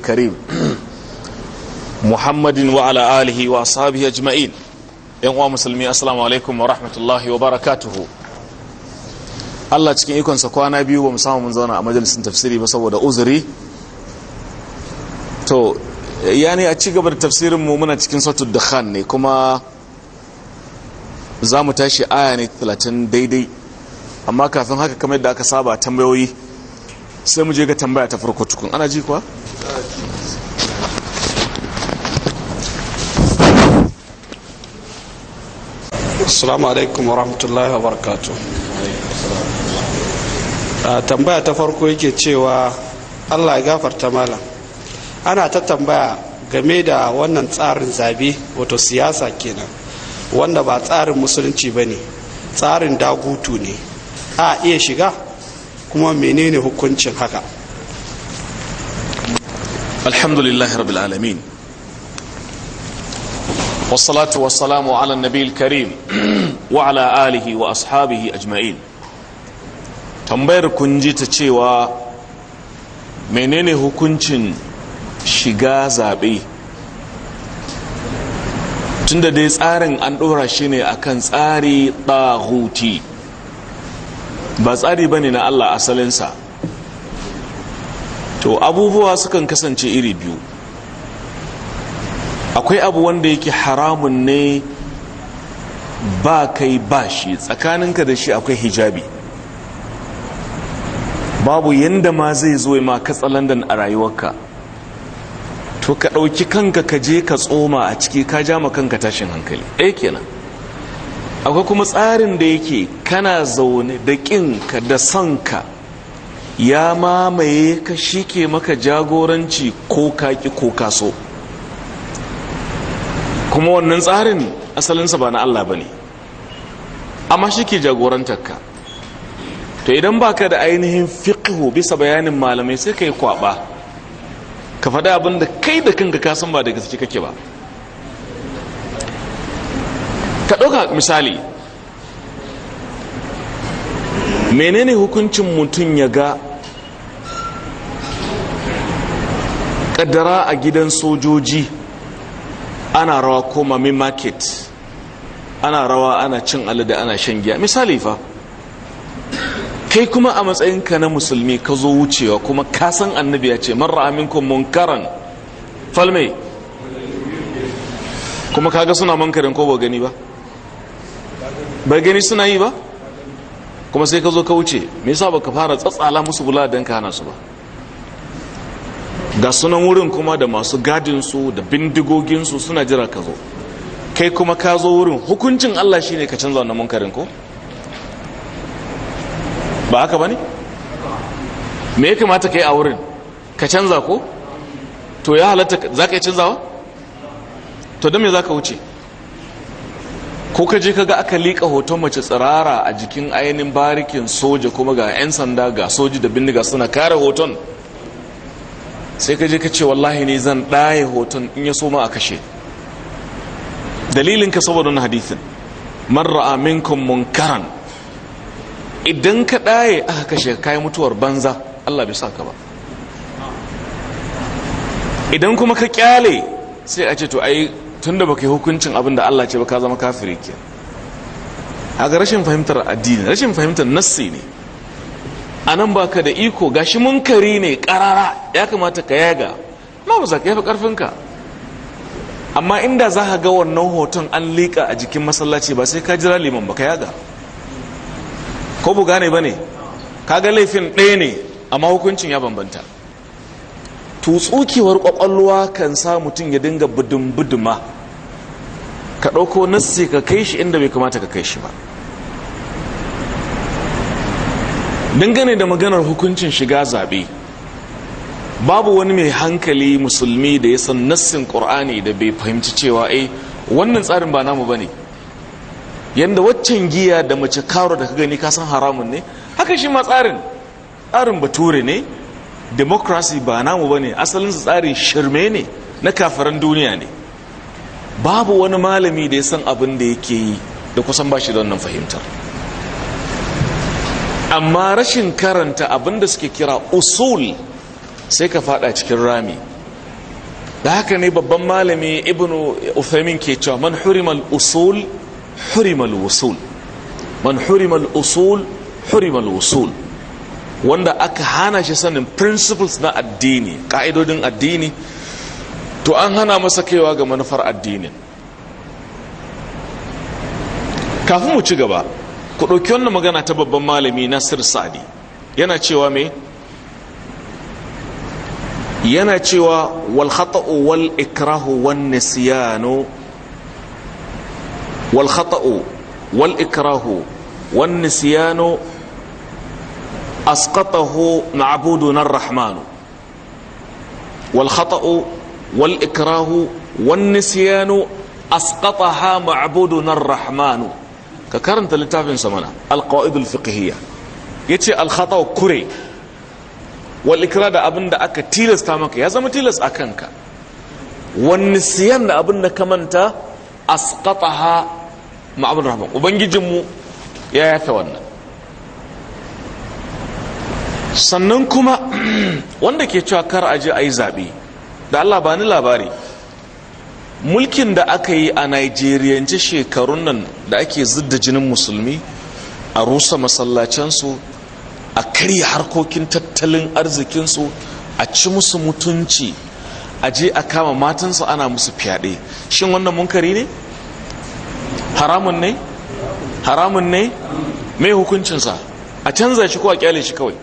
karim muhammadin wa ala alihi wa وعلى آله وأصحابه أجمعين musulmi مسلمي السلام wa ورحمة wa barakatuhu. Allah cikin ikon sa kwana biyu ba mu samu mun zauna a majalisin tafsiri ba saboda uzuri to yani a ci gaba da tafsirin mu muna cikin sautul dukhan ne kuma za mu tashi aya ne 30 daidai amma kafin haka kamar yadda aka saba tambayoyi sai mu je ga tambaya ta farko tukun ana ji kuwa assalamu alaikum wa rahmatullahi wa barakatu tambaya ta farko yake cewa allah ya gafarta malam ana ta tambaya game da wannan tsarin zabe wato siyasa kenan wanda ba tsarin musulunci ba ne tsarin dagutu ne a iya shiga kuma menene hukuncin haka alhamdulillahi rabbil alamin wassalatu wassalamu ala nabiyil karim wa ala alihi wa ashabihi ajma'in tambayar kun ji ta cewa menene hukuncin shiga zaɓe tunda dai tsarin an dora shi ne akan tsari ɗahuti ba tsari bane na Allah asalinsa to abubuwa sukan kasance iri biyu akwai abu wanda yake haramun ne ba kai ba shi tsakaninka da shi akwai hijabi babu yadda ma zai zo ma katsalandan a rayuwarka to ka ɗauki kanka ka je ka tsoma a ciki ka jama kanka tashin hankali ɗaya eh kenan akwai kuma tsarin da yake kana zaune da ka da sanka ya mamaye ka shi ke maka jagoranci ko kaƙi ko kaso kuma wannan tsarin asalinsa ba na Allah ba ne amma shi ke jagorantarka to idan baka da ainihin fiqhu bisa bayanin malamai sai ka yi kwaba ka faɗi abin kai da kanka kasan ba da gaske kake ba ka ɗauka misali menene hukuncin mutum ya ga ƙaddara a gidan sojoji ana rawa ko mami market ana rawa ana cin alada ana shan giya misali fa kai kuma a matsayin ka na musulmi ka zo wucewa kuma ka san annabi ya ce marar aminkun munkaran falmai kuma kaga suna mankarin ko ba gani ba bai gani suna yi ba kuma sai ka zo ka wuce me yasa baka fara tsatsala musu bula da ka hana su ba ga sunan wurin kuma da masu gadin su da bindigogin su suna jira ka zo kai kuma ka zo wurin hukuncin Allah shine ka canza wannan munkarin ko ba haka bane me ya kamata kai a wurin ka canza ko to ya halatta zaka canzawa to dan me zaka wuce ko ka je ka ga aka liƙa hoton mace tsirara a jikin ainihin barikin soja kuma ga 'yan sanda ga soji da bindiga suna kare hoton sai ka je ka ce wallahi ne zan ɗaya hoton in ya so ma a kashe dalilinka saboda na hadithin man aminkun munkaran idan ka ɗaye aka kashe ka yi mutuwar banza Allah bai sa ka ba idan kuma ka kyale sai a ce to ai tunda baka yi hukuncin abin da Allah ce ba ka zama kafiri ke ga rashin fahimtar addini rashin fahimtar nassi ne a nan baka da iko gashi munkari ne karara ya kamata ka yaga ma ba za ka yafi karfinka amma inda za ka ga wannan hoton an liƙa a jikin masallaci ba sai ka jira liman ba ka yaga ko bu gane ba ne ka ga laifin ɗaya ne amma hukuncin ya bambanta tutsukewar kwakwalwa kan sa mutum ya dinga budin buduma ka ɗauko nassi ka kai shi inda bai kamata ka kai shi ba dangane da maganar hukuncin shiga zaɓe babu wani mai hankali musulmi da ya san nassin ƙur'ani da bai fahimci cewa eh wannan tsarin ba namu ba ne yadda waccan giya da mace karo da ka gani ka san haramun ne haka shi ma tsarin tsarin bature ne democracy ba namu ba ne asalinsa tsarin shirme ne na kafaran duniya ne babu wani malami da ya san abin da yake yi da kusan ba shi da wannan fahimtar amma rashin karanta abin da suke kira usul sai ka fada cikin rami da haka ne babban malami ibnu uthaymin ke cewa man hurimal usul hurimal Usul. man hurimal usul hurimal Usul. wanda aka hana shi sanin principles na addini ka'idodin addini to an hana masa kaiwa ga manufar addinin kafin mu ci gaba ku ɗauki wannan magana ta babban malami sir sa'adi yana cewa me yana cewa wal khata'u wal ikrahu wan nisyanu wal khata'u wal ikrahu wan nisyanu asqatahu ma'buduna ar-rahman wal khata'u والإكراه والنسيان أسقطها معبودنا الرحمن ككرن تلتافين سمنا القواعد الفقهية يتي الخطأ كري والإكراه دا أبن دا أكا تيلس تامك يا زما تيلس أكنك والنسيان دا أبن دا كمنتا أسقطها معبود الرحمن وبنجي جمو يا يثوانا sannan kuma wanda ke cewa kar aje a yi zaɓe da Allah ba ni labari mulkin da aka yi a Nigeriyance shekarun nan da ake zidda jinin musulmi a rusa masallacensu a karya harkokin tattalin arzikinsu a ci musu mutunci a je a kama matansu ana musu fyaɗe shin wannan munkari ne haramun ne haramun ne mai hukuncinsa a canza shi ko a kyale shi kawai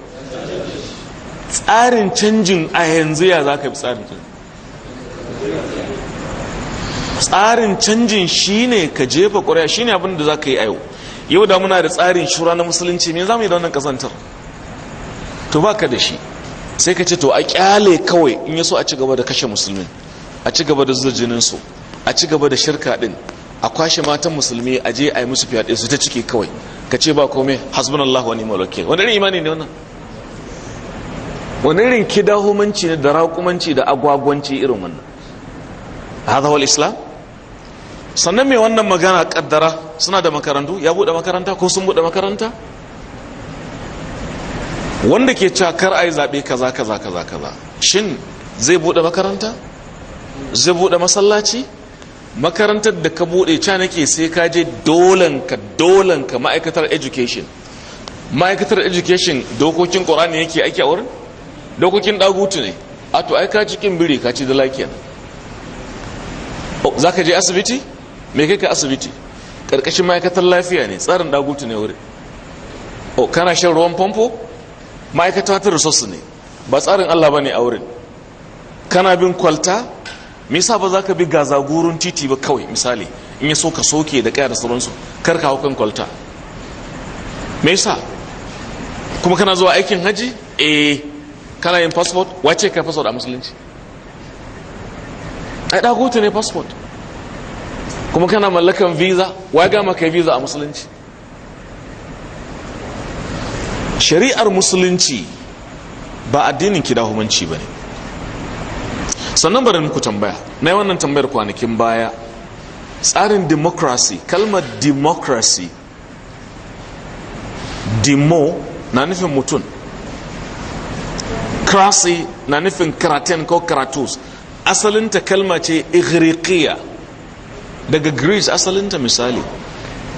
tsarin canjin a yanzu ya za ka yi tsarin canjin tsarin canjin shine ka jefa ƙuri'a shine abin da za ka yi a yau yau da muna da tsarin shura na musulunci ne za mu yi da wannan kasantar to ba ka da shi sai ka ce to a kyale kawai in ya so a ci gaba da kashe musulmin a ci gaba da zuwa su a ci da shirka din a kwashe matan musulmi a je a yi musu fyaɗe su ta ciki kawai ka ce ba komai hasbunallah allah wani irin imani ne wannan wani irin kidahumanci ne da raƙumanci da agwagwanci irin wannan hadha wal islam sannan mai wannan magana kaddara suna da makarantu ya buɗe makaranta ko sun buɗe makaranta wanda ke cakar a yi zaɓe kaza kaza kaza kaza shin zai buɗe makaranta zai buɗe masallaci makarantar da ka buɗe ca nake sai ka je dolanka dolanka ma'aikatar education ma'aikatar education dokokin ƙorani yake aiki a wurin dokokin ɗagutu ne a to ai ka cikin biri ka ci da lafiya za ka je asibiti me kai ka asibiti karkashin ma'aikatar lafiya ne tsarin dagutu ne wuri o oh, kana shan ruwan famfo ma'aikata ta resursu ne ba tsarin allah ba ne a wurin kana bin kwalta me ba za ka bi gazagurun titi ba kawai misali in ya so ka soke da kaya da sauransu kar ka hau kan kwalta me yasa kuma kana zuwa aikin haji eh kana yin passport wace ka passport a musulunci ai dagoto ne passport kuma kana mallakan visa wa ga maka visa a musulunci shari'ar musulunci ba addinin kidahumanci ba ne sannan bari muku tambaya na wannan tambayar kwanakin baya tsarin democracy kalmar democracy demo na nufin mutum crasi na nufin karaten ko karatus asalinta kalma ce igriqiya daga greece asalinta misali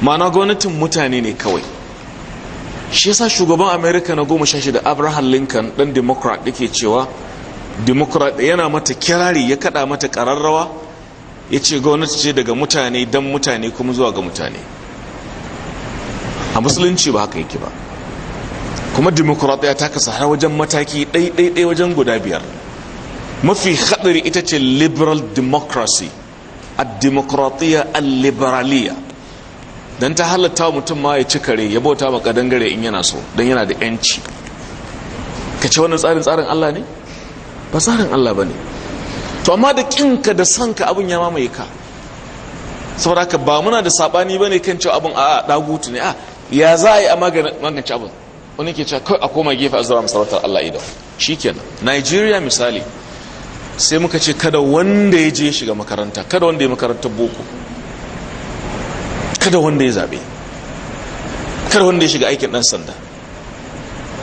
ma'ana gwamnatin mutane ne kawai shi yasa shugaban Amerika na goma shashi da abraham lincoln dan democrat da ke cewa democrat yana mata kirari ya kada mata kararrawa ya ce gwamnati ce daga mutane dan mutane kuma zuwa ga mutane a musulunci ba haka yake ba kuma democrat ya taka sahara wajen mataki ɗaiɗaiɗai wajen guda biyar mafi haɗari ita ce liberal democracy al-demokratiya al don ta halatta mutum ma ya ci kare ya bauta ma gare in yana so don yana da yanci ka ce wannan tsarin tsarin Allah ne ba tsarin Allah ba ne to amma da kinka da sanka abin ya mamaye ka saboda ka ba muna da sabani ba ne kan cewa abin a dagutu ne a ya za a yi a magance abin wani ke cewa kawai a koma gefe a zura masarautar Allah idan shikenan Nigeria misali sai muka ce kada wanda ya je shiga makaranta kada wanda ya makaranta boko kada wanda ya zabe kada wanda ya shiga aikin dan sanda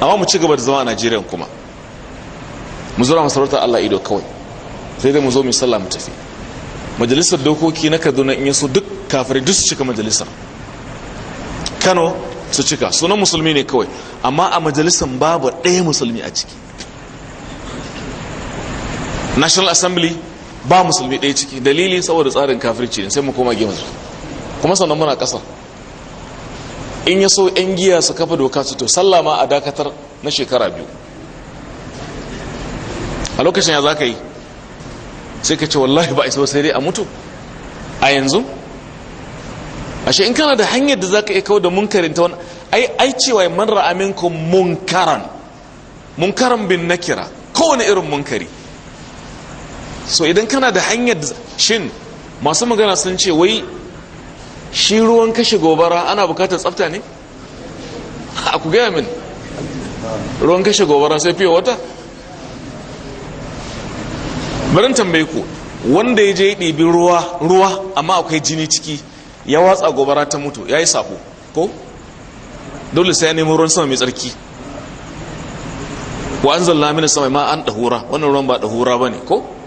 amma mu ci gaba da zama a Najeriya kuma mu zura masarautar Allah ido kawai sai dai mu zo mu sallah mu tafi majalisar dokoki na Kaduna in yaso duk kafirai duk su cika majalisar Kano su cika sunan musulmi ne kawai amma a majalisar babu ɗaya musulmi a ciki national assembly ba musulmi ɗaya ciki dalili saboda tsarin kafirci sai mu koma gemu kuma sannan muna ƙasar in ya so 'yan giya su kafa doka su to sallama a dakatar na shekara biyu a lokacin ya za ka yi sai ka ce wallahi ba a iso sai dai a mutu a yanzu ashe in kana da hanyar da za ka iya kawo da munkarin ta wani ai cewa man ra'a munkaran munkaran bin nakira kowane irin munkari so idan kana da hanyar shin masu magana sun ce wai shi ruwan kashe gobara ana bukatar tsafta ne a ku gaya min ruwan kashe gobara sai fiye wata barin tambaye ku wanda ya je ya ɗibi ruwa ruwa amma akwai jini ciki ya watsa gobara ta mutu ya yi sako ko dole sai ya nemi ruwan sama mai tsarki wa an zalla mini sama ma an ɗahura wannan ruwan ba ɗahura ba ne ko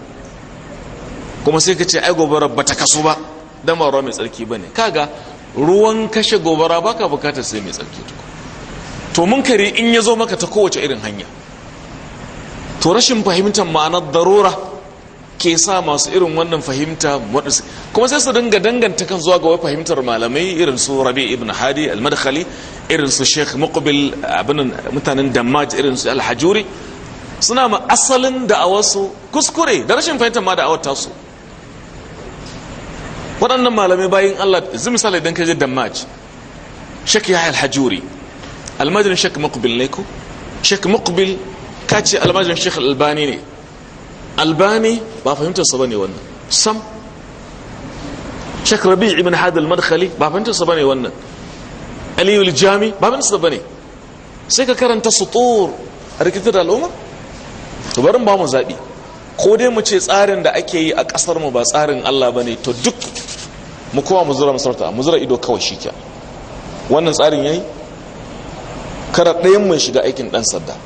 kuma sai ka ce ai gobara ba ta kaso ba dan ba ruwa mai tsarki ba ne kaga ruwan kashe gobara baka bukatar sai mai tsarki tuku to mun kare in ya zo maka ta kowace irin hanya to rashin fahimtar ma'anar darura ke sa masu irin wannan fahimta waɗansu kuma sai su dinga danganta kan zuwa ga wai fahimtar malamai irin su rabi ibn hadi al-madkhali irin su sheikh muqbil abin mutanen dammaj irin su al suna ma asalin da'awarsu kuskure da rashin fahimtar ma da'awar tasu waɗannan malamai Bayin Allah zai misali idan ka je Dammaj Sheikh Yahya almajirin Sheikh Muqbil ne ku Sheikh Muqbil ka ce almajirin Sheikh Albani ne Albani ba fahimtar sa bane wannan sam shek Rabi' ibn Hadi al-Madkhali ba fahimtar sa bane wannan Ali al-Jami ba fahimtar sa bane sai ka karanta sutur rikitar al'umma to barin ba mu zaɓi. ko dai mu ce tsarin da ake yi a kasar mu ba tsarin Allah ne to duk mu kowa mu zura masarauta mu zura ido kawai shi wannan tsarin yayi kada ɗayan mu shiga aikin ɗan sadda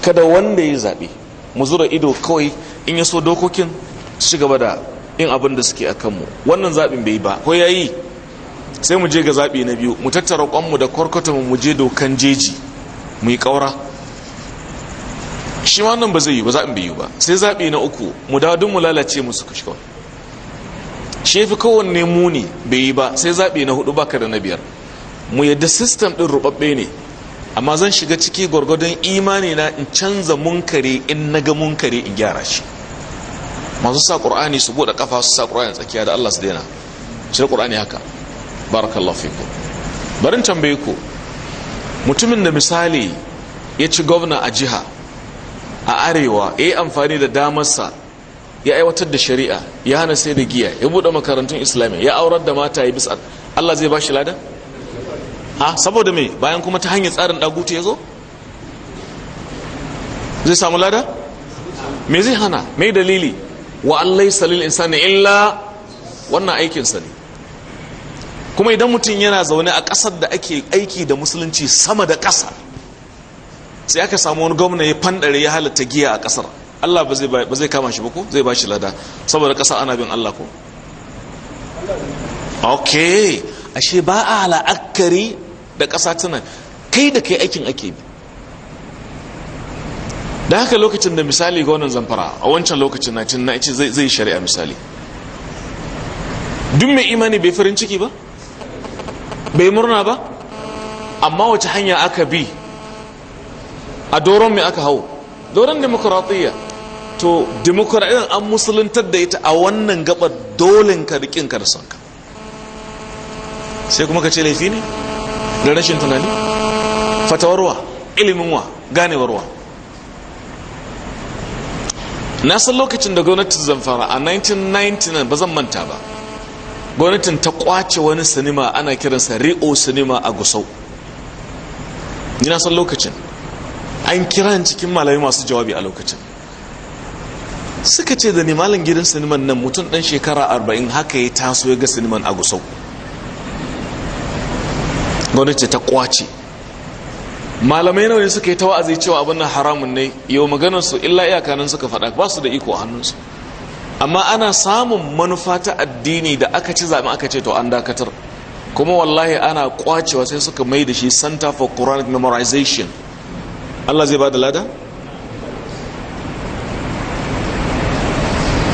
kada wanda ya zabe mu zura ido kawai in ya so dokokin su gaba da yin abin da suke a kanmu wannan zaɓin bai ba ko yayi sai mu je ga zaɓi na biyu mu tattara kwanmu da kwarkwatonmu mu je dokan jeji mu yi ƙaura shi ma wannan ba zai yi ba za a biyu ba sai zaɓi na uku mu dadun mu lalace musu kashkawa shi fi kowanne muni bai yi ba sai zaɓi na hudu baka da na biyar mu yadda sistem ɗin ruɓaɓɓe ne amma zan shiga ciki gwargwadon imani na in canza munkare in na ga munkare in gyara shi masu sa ƙur'ani su buɗe ƙafa su sa ƙur'ani tsakiya da allah su daina shi ƙur'ani haka barakallahu fiku barin tambaye ku mutumin da misali ya ci gwamna a jiha a arewa ya yi amfani da damarsa ya aiwatar da shari'a ya hana sai da giya ya buɗe makarantun islamiyya ya aurar da mata ya bisa allah zai ba shi lada? ha saboda mai bayan kuma ta hanyar tsarin ɗagutu ya zo? zai samu lada? me zai hana mai dalili wa yi salil insani illa wannan aikinsa ne kuma idan mutum yana zaune a ƙasar da ake aiki da musulunci sama da ƙasa sai aka samu wani gwamna ya fandare ya halatta giya a kasar Allah ba zai kama shi ba ko zai ba shi lada saboda kasa ana bin Allah ko ok ashe ba a la'akari da kasa tana kai da kai aikin ake bi da haka lokacin da misali ga wannan zamfara a wancan lokacin na cin na ce zai shari'a misali duk mai imani bai farin ciki ba bai murna ba amma wace hanya aka bi a doron mai aka hau doron demokuratiyya to demokuraɗiyyar an musuluntar da ita a wannan gabar dolin ka rikin ka da ka. sai kuma ka ce laifi ne da rashin tunani fatawarwa iliminwa ganewarwa na san lokacin da gwamnatin zamfara a 1999 ba zan manta ba gwamnatin ta kwace wani sinima ana kiransa rio sinima a gusau ni na san lokacin an kira cikin malami masu jawabi a lokacin suka ce da malam gidan siniman nan mutum dan shekara arba'in haka ya taso ya ga siniman a gusau gwamnati ta kwace malamai nawa ne suka yi ta wa'azi cewa abin nan haramun ne yau maganar su illa iyakanin suka faɗa ba su da iko hannunsu amma ana samun manufa ta addini da aka ci zaɓi aka ce to an dakatar kuma wallahi ana kwacewa sai suka mai da shi center for quranic memorization Allah zai ba da lada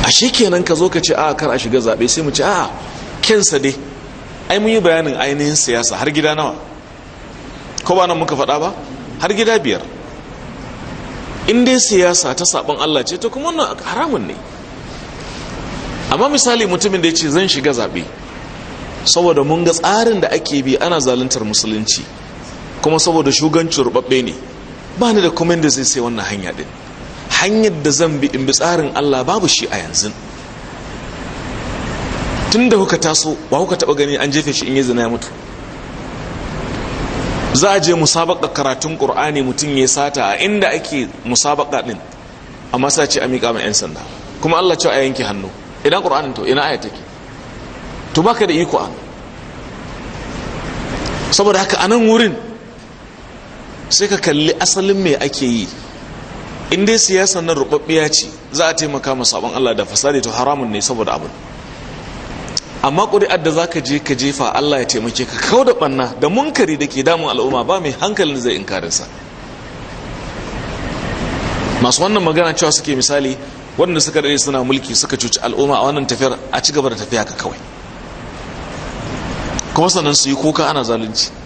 a kenan ka zo ka ce a kar a shiga zaɓe sai mu ce a kensa dai ai mun yi bayanin ainihin siyasa har gida nawa ko ba nan muka faɗa ba har gida biyar in dai siyasa ta saɓon Allah ce to kuma wannan haramun ne amma misali mutumin da ya ce zan shiga zaɓe saboda mun ga tsarin da ake bi ana zaluntar musulunci kuma saboda shugancin rubabbe ne ba ni da komai da zai sai wannan hanya din hanyar da zan bi in bi tsarin Allah babu shi a yanzu tun da kuka taso ba kuka taba gani an jefe shi in yi zina ya mutu za a je musabaka karatun qur'ani mutum ya sata a inda ake musabaka din amma sai ce a miƙa ma 'yan sanda kuma Allah ce a yanke hannu idan qur'anin to ina aya take to baka da iko an saboda haka nan wurin sai ka kalli asalin mai ake yi in dai siyasa nan rubabbiya ce za a taimaka masu sabon Allah da fasadi to haramun ne saboda abin amma ƙuri'ar da ka je ka jefa Allah ya taimake ka kau da banna da munkari da ke damun al'umma ba mai hankalin zai inkarinsa sa masu wannan magana cewa suke misali waɗanda suka dade suna mulki suka cuci al'umma a wannan tafiyar a ci gaba da tafiya ka kawai kuma sannan su yi kuka ana zalunci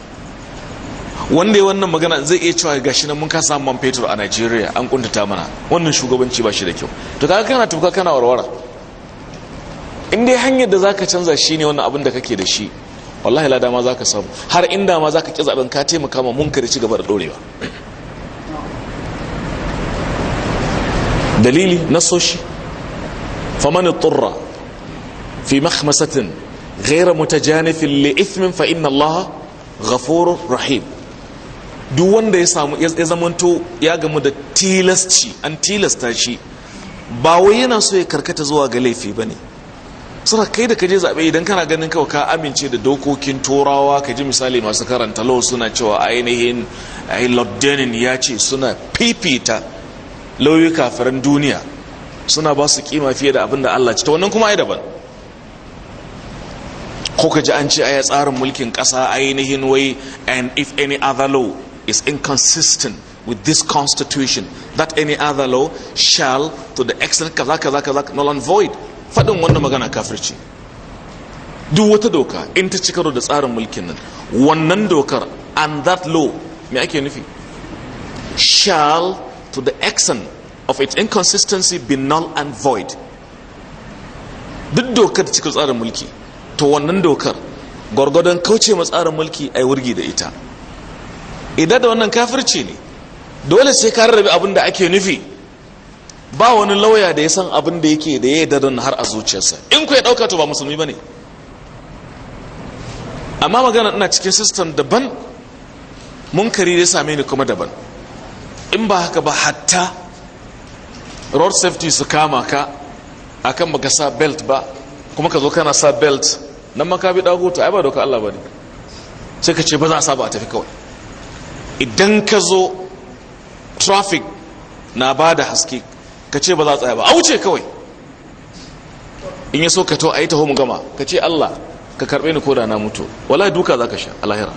wanda ya wannan magana zai iya cewa gashi nan mun ka samu man fetur a Najeriya an kuntata mana wannan shugabanci ba shi da kyau to kaga kana tuka kana warwara in dai hanyar da zaka canza shi ne wannan abin da kake da shi wallahi la dama zaka samu har inda ma zaka ki zaben ka taimaka ma munkari ci gaba da dorewa dalili nasoshi faman turra fi makhmasatin ghayra mutajanifin li ithmin fa inna allaha ghafurur rahim duk wanda ya samu ya zamanto ya gamu da tilasci an tilasta shi ba wai yana so ya karkata zuwa ga laifi ba ne suna kai da kaje zaɓe idan kana ganin kawai ka amince da dokokin turawa ka ji misali masu karanta law suna cewa ainihin lord ya ce suna fifita lauyi kafirin duniya suna ba su kima fiye da abin da allah ci ta wannan kuma ai daban ko ka ji an ce aya tsarin mulkin ƙasa ainihin wai and if any other law is inconsistent with this constitution that any other law shall to the extent kaza kaza kaza null and void faɗin wannan magana kafirci duk wata doka in ta ci karo da tsarin mulkin nan wannan dokar and that law me ake nufi shall to the extent of its inconsistency be null and void duk dokar cikin tsarin mulki to wannan dokar gwargwadon kauce ma tsarin mulki ai wurgi da ita idan da wannan kafirci ne dole sai ka rarrabe abin da ake nufi ba wani lauya da ya san abin da yake da ya yi dadon har a zuciyarsa in ku ya ɗauka to ba musulmi ba ne amma magana ina cikin sistan daban munkari da ya same ni kuma daban in ba haka ba hatta road safety su kama ka akan baka sa belt ba kuma ka zo kana sa belt nan ma ka bi dago ta ai ba doka Allah ba ne sai ka ce ba za a sa ba a tafi kawai idan ka zo traffic na ba da haske ka ce ba za tsaya ba a wuce kawai in ya so ka to a yi taho mu gama ka ce allah ka karbe ni koda na mutu wala duka za ka sha alahira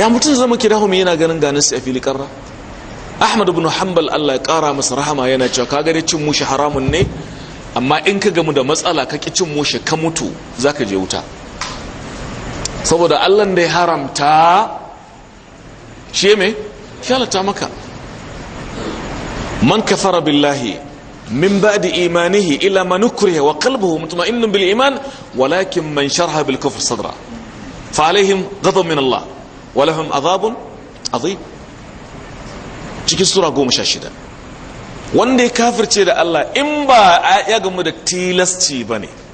ya mutum zama kira mai yana ganin ganin su a fili karra ahmadu bin hanbal allah ya kara masa rahama yana cewa ka gani cin mushi haramun ne amma in ka gamu da matsala ka ki cin mushi ka mutu za ka je wuta saboda allan da ya haramta shi mai shi kyalata maka man kafara billahi min ba'di imanihi ila man ukriha wa qalbuhu mutma'innun bil iman walakin man sharha bil kufr sadra fa alaihim ghadab min Allah wa lahum adhabun adhim cikin sura 16 wanda ya kafirce da Allah in ba ya gamu da tilasci bane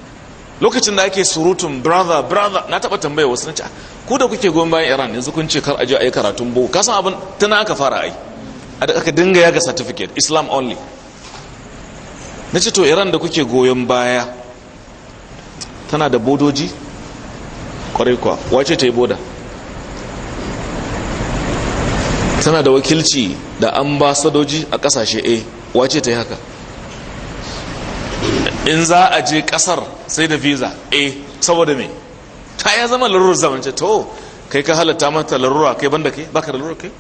lokacin da ake surutun brother brother na taba tambaya wasu na ce ah, ku da kuke goyon bayan iran yanzu kun ce kar aje a yi karatun boko kasan abin tana aka fara ai a da aka dinga yaga certificate islam only na ce to iran da kuke goyon baya tana da bodoji kwarai kuwa wace ta yi boda tana da wakilci da ambasadoji a kasashe a wace ta yi haka in za a je kasar sai da visa eh saboda me ta ya zama larurar zamance to kai ka halatta mata larura kai banda ke baka da larura kai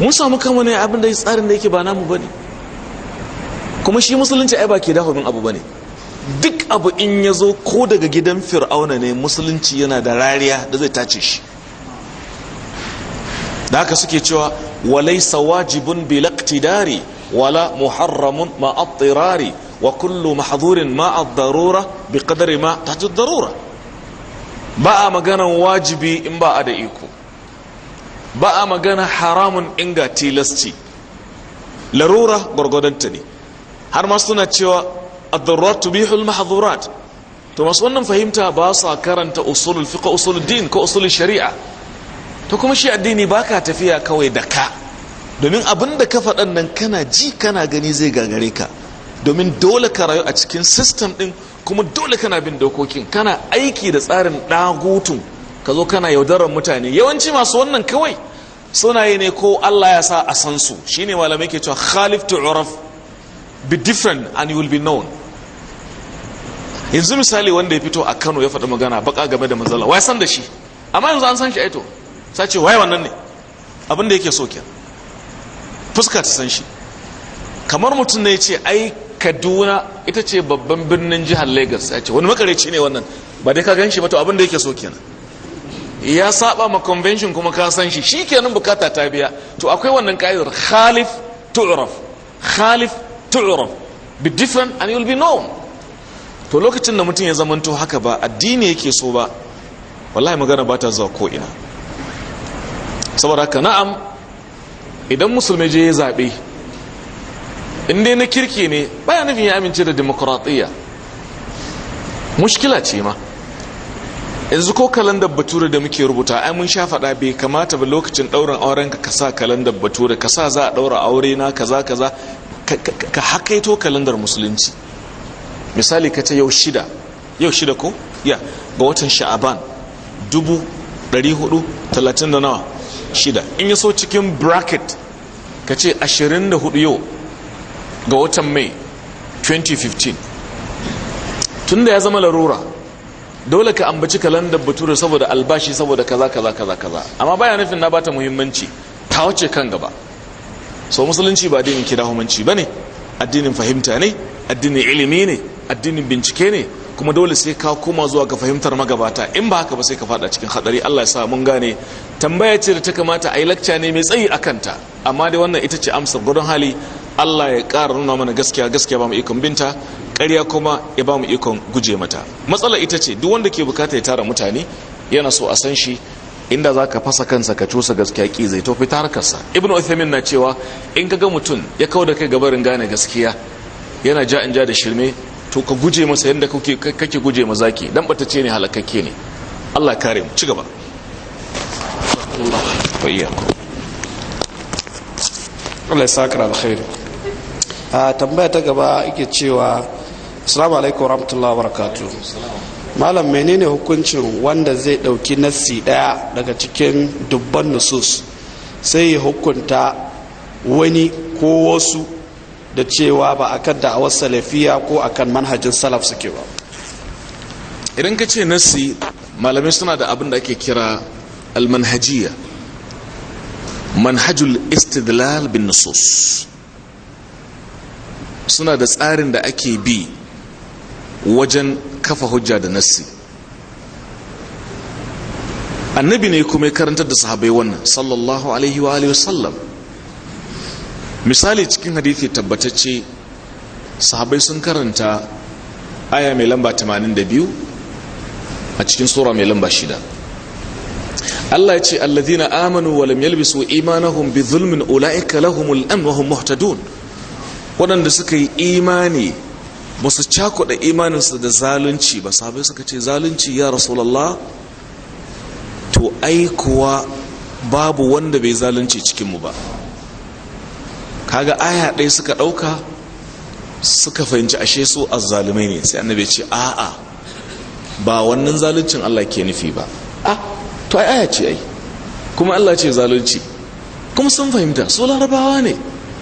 mun samu kama ne abin da ya tsarin da yake ba namu bane kuma shi musulunci ai ba ke dafa abu abu bane duk abu in ya zo ko daga gidan fir'auna ne musulunci yana da rariya da zai tace shi da haka suke cewa walai sawajibun bil iqtidari ولا محرم مع الضرار وكل محظور مع الضرورة بقدر ما تحت الضرورة بقى مجانا واجبي إن بقى دئيكو بقى مجانا حرام إنغا تيلستي ta ne. har ma suna cewa ad-darrurat tubihu al-mahdhurat masu wannan fahimta ba sa karanta usulul fiqh usulul din ko usulul shari'a to kuma shi addini baka tafiya kawai da ka domin abin da ka faɗan nan kana ji kana gani zai gagare ka domin dole ka rayu a cikin system ɗin kuma dole kana bin dokokin kana aiki da tsarin ɗagutun ka zo kana yaudarar mutane yawanci masu wannan kawai suna yi ne ko Allah ya sa a san su shine malamai ke cewa khalif to uraf be different and you will be known yanzu misali wanda ya fito a Kano ya faɗi magana baka game da matsala wai san da shi amma yanzu an san shi aito sace wai wannan ne abin da yake so kenan fuska ta san shi kamar mutum ne ya ce ai kaduna ita ce babban birnin jihar lagos ya ce wani makareci ne wannan ba dai ka gan shi ba to abin da yake so kenan ya saba ma convention kuma ka san shi shi kenan bukata ta biya to akwai wannan ka'idar khalif tu'raf khalif tu'raf be different and you will be known to lokacin da mutum ya zamanto haka ba addini yake so ba wallahi magana ba ta zuwa ko ina saboda haka na'am idan musulmi je ya zaɓe inda na kirki ne baya nufin ya amince da demokuratiyya mushkila ce ma yanzu ko kalandar bature da muke rubuta ai mun sha faɗa bai kamata ba lokacin ɗaurin auren ka sa kalandar bature ka sa za a ɗaura aure na kaza kaza ka hakaito kalandar musulunci misali ka ta yau shida yau shida ko ya ga watan sha'aban dubu ɗari hudu talatin da nawa shida in yi so cikin bracket ka ce 24 yau ga watan mai 2015 tunda ya zama larura dole ka ambaci kalandar bature saboda albashi saboda kaza kaza kaza kaza amma baya nufin na bata muhimmanci ta wace kan gaba so musulunci ba addinin kira ba ne addinin fahimta ne addinin ilimi ne addinin bincike ne kuma dole sai ka koma zuwa ga fahimtar magabata in ba haka ba sai ka fada cikin hadari Allah ya sa mun gane tambaya ce da ta kamata a yi lakca ne mai tsayi akan ta amma dai wannan ita ce amsar gudun hali Allah ya ƙara nuna mana gaskiya gaskiya ba mu ikon binta ƙarya kuma ya ba mu ikon guje mata matsala ita ce duk wanda ke bukata ya tara mutane yana so a san shi inda za ka fasa kansa ka cusa gaskiya ki zai tofi ta harkarsa ibnu uthaymin na cewa in ka ga mutum ya kawo da kai gabarin gane gaskiya yana ja in ja da shirme to ka guje masa yadda kake guje ma zaki dan ce ne halakakke ne Allah kare mu ci gaba Allah ya saka alkhairi a tambaya ta gaba yake cewa assalamu alaikum warahmatullahi wabarakatuh malam menene hukuncin wanda zai dauki nassi daya daga cikin dubban nusus sai ya hukunta wani ko wasu da cewa ba a kan da'awar salafiya ko akan manhajin salaf suke ba idan ka ce nasi malamai suna da abin da ake kira almanhajiya manhajul istidlal bin suna da tsarin da ake bi wajen kafa hujja da nasi. annabi ne kuma ya karantar da sahabai wannan sallallahu alaihi wa sallam misali cikin hadithi tabbatacce sahabai sun karanta aya mai lamba 82 a cikin sura mai lamba 6 Allah ya ce amanu walam yalbisu imanahum bi zulmin ulaika lahumul amn wa hum muhtadun wadanda suka yi imani musu cakuɗa imaninsu da zalunci ba sahabai suka ce zalunci ya rasulullah to ai kuwa babu wanda bai zalunci cikinmu ba kaga aya ɗaya suka ɗauka suka fahimci ashe su azzalumai ne sai annabi ce a'a ba wannan zaluncin Allah ke nufi ba a ah, to ai aya ce ai kuma Allah ce zalunci kuma sun fahimta su larabawa ne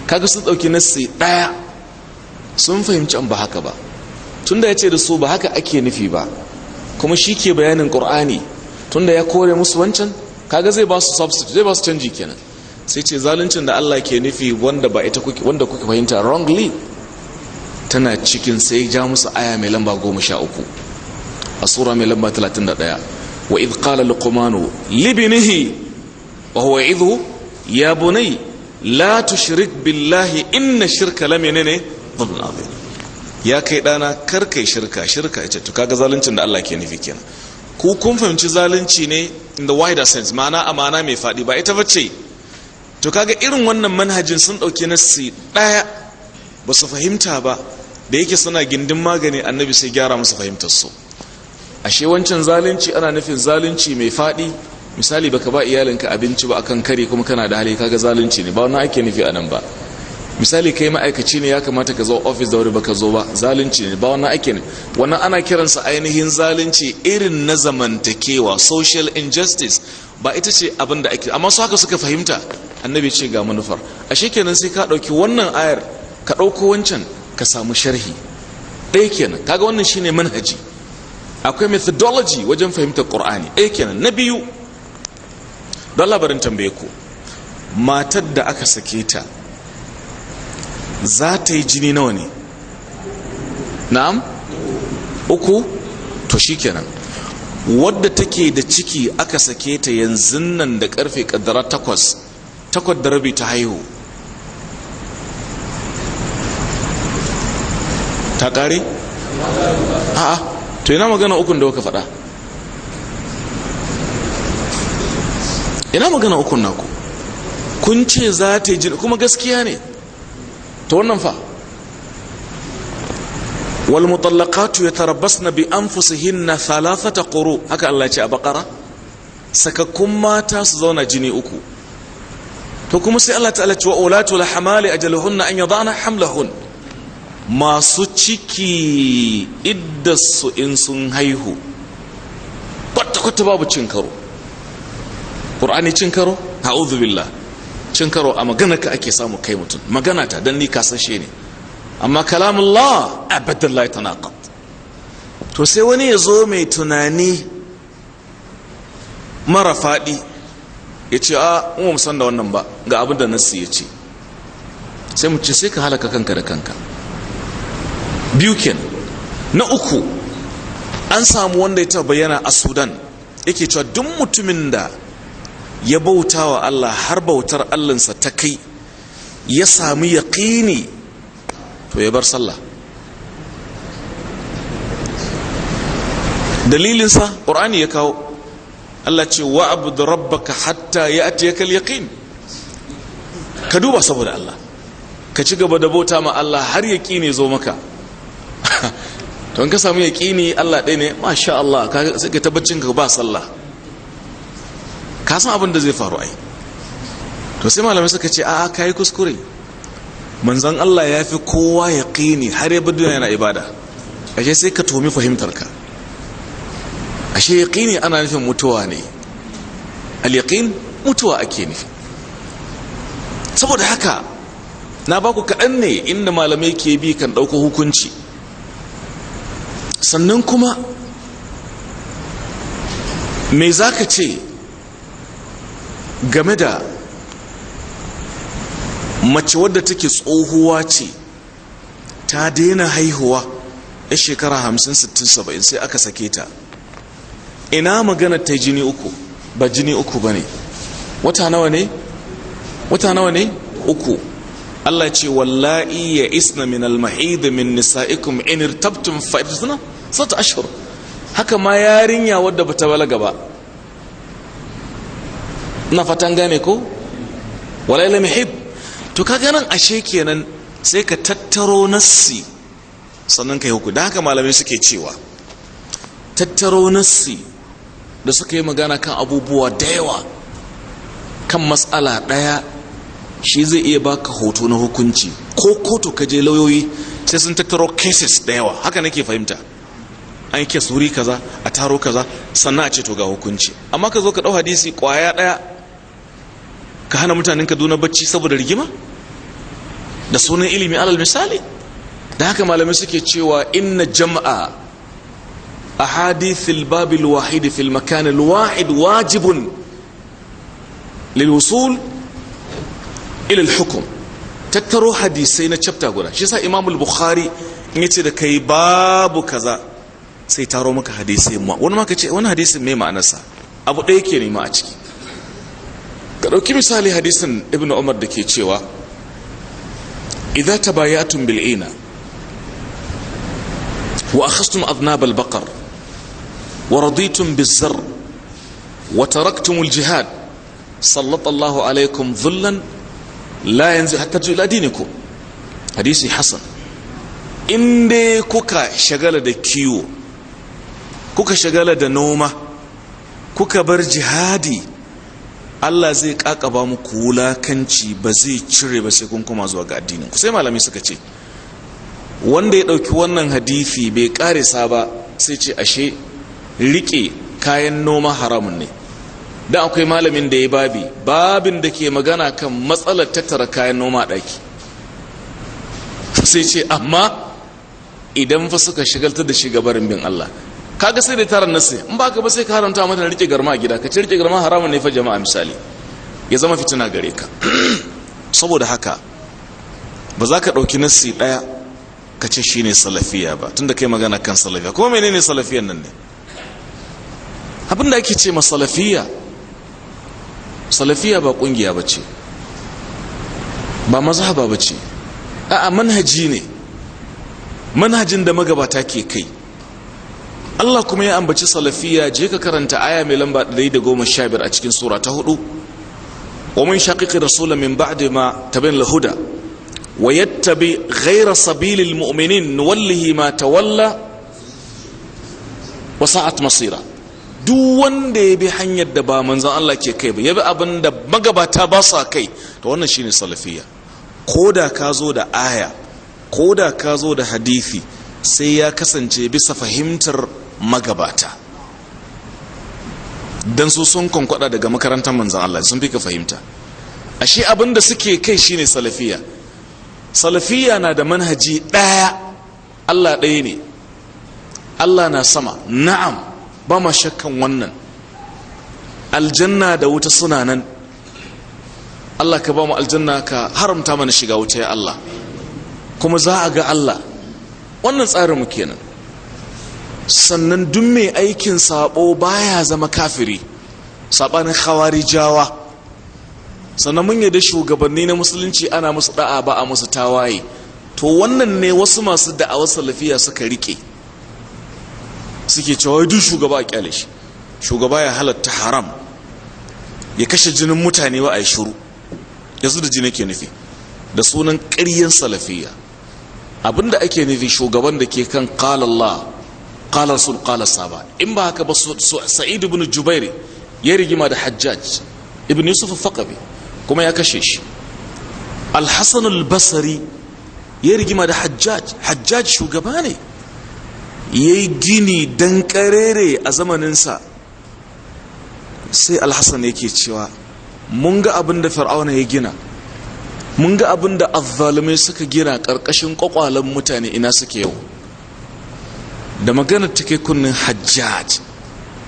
kaga sun ɗauki nassi ɗaya sun fahimci an ba haka ba tunda ya ce da su ba haka ake nufi ba kuma shi ke bayanin ƙur'ani tunda ya kore musu wancan kaga zai ba su substitute zai ba su canji kenan sai ce zaluncin da Allah ke nufi wanda ba ita kuke wanda kuke fahimta wrongly tana cikin sai ja musu aya mai lamba goma sha uku a sura mai lamba talatin da ɗaya wa idh qala luqmanu libnihi wa huwa idhu ya bunay la tushrik billahi inna shirka la menene dhulmi ya kai dana kar kai shirka shirka ita to kaga zaluncin da Allah ke nufi kenan ku kun fahimci zalunci ne in the wider sense ma'ana amana mai fadi ba ita bace to kaga irin wannan manhajin sun ɗauki nassi ɗaya ba su fahimta ba da yake suna gindin magani annabi sai gyara musu fahimtar su ashe wancan zalunci ana nufin zalunci mai fadi. misali baka ba iyalinka abinci ba akan kare kuma kana da hali kaga zalunci ne ba wannan ake nufi anan ba misali kai ma'aikaci ne ya kamata ka zo ofis da wuri baka zo ba zalunci ne ba wannan ake ne wannan ana kiransa ainihin zalunci irin na zamantakewa social injustice ba ita ce abin da ake amma su haka suka fahimta annabi ce ga manufar a kenan sai ka ɗauki wannan ayar ka ɗauko wancan ka samu sharhi ɗaya kenan kaga wannan shine manhaji akwai methodology wajen fahimtar ƙur'ani ɗaya kenan na biyu don labarin tambaye ku matar da aka sake ta za ta yi jini nawa ne na'am uku to shikenan wadda take da ciki aka sake ta yanzu nan da karfe kaddara takwas takwas da rabi ta haihu ta ƙare? a'a to ina magana ukun da waka faɗa ina magana ukun naku kun ce za ta yi kuma gaskiya ne ta wannan fa wal mutallaqatu na bi an anfusihinna thalathata quru haka Allah ce a bakara sakakkun mata su zauna jini uku to kuma sai Allah ta'ala ce wa ulatu lahamali ajaluhunna an yadana hamlahun masu ciki iddasu in sun haihu kwata-kwata babu cin karo ƙur'ani cin karo ha'udhu billah cin karo a magana ka ake samu kai mutum magana ta don ni shi ne amma kalamullah abadan la yatanaqad to sai wani ya zo mai tunani mara faɗi ya ce a umar san da wannan ba ga abin da nasu ya ce sai mu ce sai ka halaka kanka da kanka Bukin, na uku an samu wanda ya ta bayyana a sudan yake cewa duk mutumin da ya bauta wa allah har bautar allansa ta kai ya sami yaƙini to ya bar sallah dalilinsa ƙur'ani ya kawo Allah ce wa abud rabbaka hatta ya'tiyaka al-yaqin ka duba saboda Allah ka ci gaba da bauta ma Allah har yaqini zo maka to in ka samu yaqini Allah ɗaya ne masha Allah ka sai ka tabbacin ka ba sallah ka san abin da zai faru ai to sai malamai suka ce a'a kai kuskure manzon Allah ya fi kowa yaqini har ya bi yana ibada ashe sai ka tomi fahimtar ka ashe yaqini ana nufin mutuwa ne al yaqin mutuwa ake nufi saboda haka na baku kaɗan ne inda malamai ke bi kan ɗauko hukunci sannan kuma me za ka ce game da mace wadda take tsohuwa ce ta daina haihuwa ya shekara 50 60 sai aka sake ta ina magana ta jini uku ba jini uku ba ne wata nawa ne wata nawa ne uku Allah ce wallahi ya isna min almahid min nisaikum in irtabtum fa irtabtum sata ashhur haka ma yarinya wadda bata balaga ba na fatan gane ko wala la mahid to kaga nan ashe kenan sai ka tattaro nassi sannan kai hukunci da haka malamai suke cewa tattaro nassi da suka yi magana kan abubuwa da yawa kan matsala ɗaya shi zai iya baka hoto na hukunci ko kotu ka je lauyoyi sai sun tattaro cases da yawa haka nake fahimta an yi suri kaza a taro kaza sannan a ce to ga hukunci amma ka zo ka ɗau hadisi kwaya ɗaya ka hana mutanen kaduna bacci saboda rigima da sunan ilimi alal misali da haka malamai suke cewa inna jama'a أحاديث الباب الواحد في المكان الواحد واجب للوصول إلى الحكم tattaro hadisai na chapter guda shi sa imamul al-bukhari yace da kai babu kaza sai taro maka hadisai mu wani maka ce wani hadisin mai ma'anarsa abu ɗaya ke nema a ciki ka ɗauki misali hadisin ibnu umar da ke cewa idza tabayatum bil bil'ina. wa akhastum adnab al ورضيتم بالزر وتركتم الجهاد سلط الله عليكم ظلا لا ينزل حتى ترجعوا إلى دينكم حديثي حسن in dai kuka shagala da kiwo kuka shagala da noma kuka bar jihadi Allah zai kakaba muku wulakanci ba zai cire ba sai kun kuma zuwa ga addinin ku sai malami suka ce wanda ya ɗauki wannan hadifi bai sa ba sai ce ashe rike kayan noma haramun ne don akwai malamin da ya babi babin da ke magana kan matsalar tattara kayan noma ɗaki sai ce amma idan fa suka shigaltar da shigabarin bin Allah kaga sai da tara nasi in ba ka ba sai ka haramta mata rike garma a gida ka ci rike garma haramun ne fa jama'a misali ya zama fitina gare ka saboda haka ba za ka ɗauki nasi ɗaya ka ce shine salafiya ba tunda kai magana kan salafiya kuma menene salafiyan nan ne abinda ake ce masalafiya salafiya ba kungiya ba ce ba mazhaba ba ce a manhaji ne manhajin da magabata ke kai Allah kuma ya ambaci salafiya je ka karanta aya mai lamba 115 a cikin sura ta hudu wa mun shaqiqi rasulan min ba'di ma tabayyana al wa yattabi ghayra sabilil mu'minin nuwallihi ma tawalla wa sa'at masira duk wanda ya bi hanyar da ba manzan Allah ke kai ba ya bi abin da magabata ba sa kai to wannan shine salafiya ko da ka zo da aya ko da ka zo da hadithi sai ya kasance bisa fahimtar magabata dan su sun kwankwada daga makarantar manzan Allah sun fi ka fahimta ashe abin da suke kai shine salafiya salafiya na da manhaji ɗaya Allah ɗaya ne Allah na sama na'am ba ma shakkan wannan aljanna da wuta suna nan Allah ka ba mu aljanna ka haramta mana shiga wuta ya Allah kuma za a ga Allah wannan tsarin mu kenan sannan duk mai aikin sabo baya zama kafiri sabanin khawarijawa sannan mun yadda shugabanni na musulunci ana musu da'a ba a musu tawaye to wannan ne wasu masu da'awar salafiya suka rike suke cewa duk shugaba a kyale shi shugaba ya halatta haram ya kashe jinin mutane ba a yi shuru yanzu da jini ke nufi da sunan ƙaryen salafiya abinda ake nufi shugaban da ke kan kalallah kalar sun kalar saba in ba haka ba sa'id ibn jubairi ya rigima da hajjaj ibn yusuf faqabi kuma ya kashe shi alhassan albasari ya rigima da hajjaj hajjaj shugaba ne ya yi gini don karere a zamaninsa sai alhassan yake cewa mun ga abin da fir'auna ya gina mun ga abin da azzalumai suka gina ƙarƙashin ƙwaƙwalen mutane ina suke yau da magana take kunnen hajjaj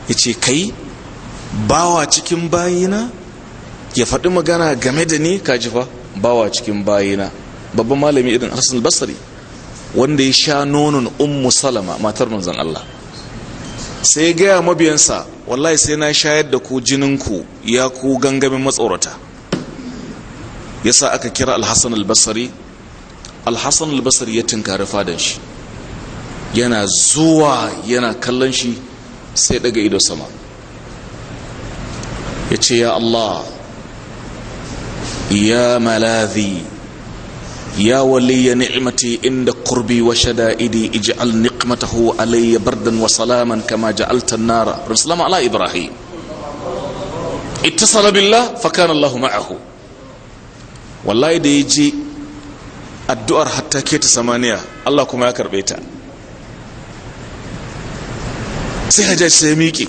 ya ce kai bawa cikin bayina ya faɗi magana game da ni kaji fa bawa cikin bayina babban malami irin hassan basari wanda ya sha nonon ummu salama matar manzon Allah sai gaya mabiyansa wallahi sai na shayar da ku jininku ya ku gangamin matsorata yasa aka kira alhassan albasari alhassan albasari ya tunkari fadan shi yana zuwa yana kallon shi sai daga ido sama ya ce ya Allah ya malazi يا ولي نعمتي عند قربي وشدائدي اجعل نقمته علي بردا وسلاما كما جعلت النار السلام على إبراهيم اتصل بالله فكان الله معه والله دي يجي الدؤر حتى كيت سمانية الله كما يكر بيتا سيهجا سيميكي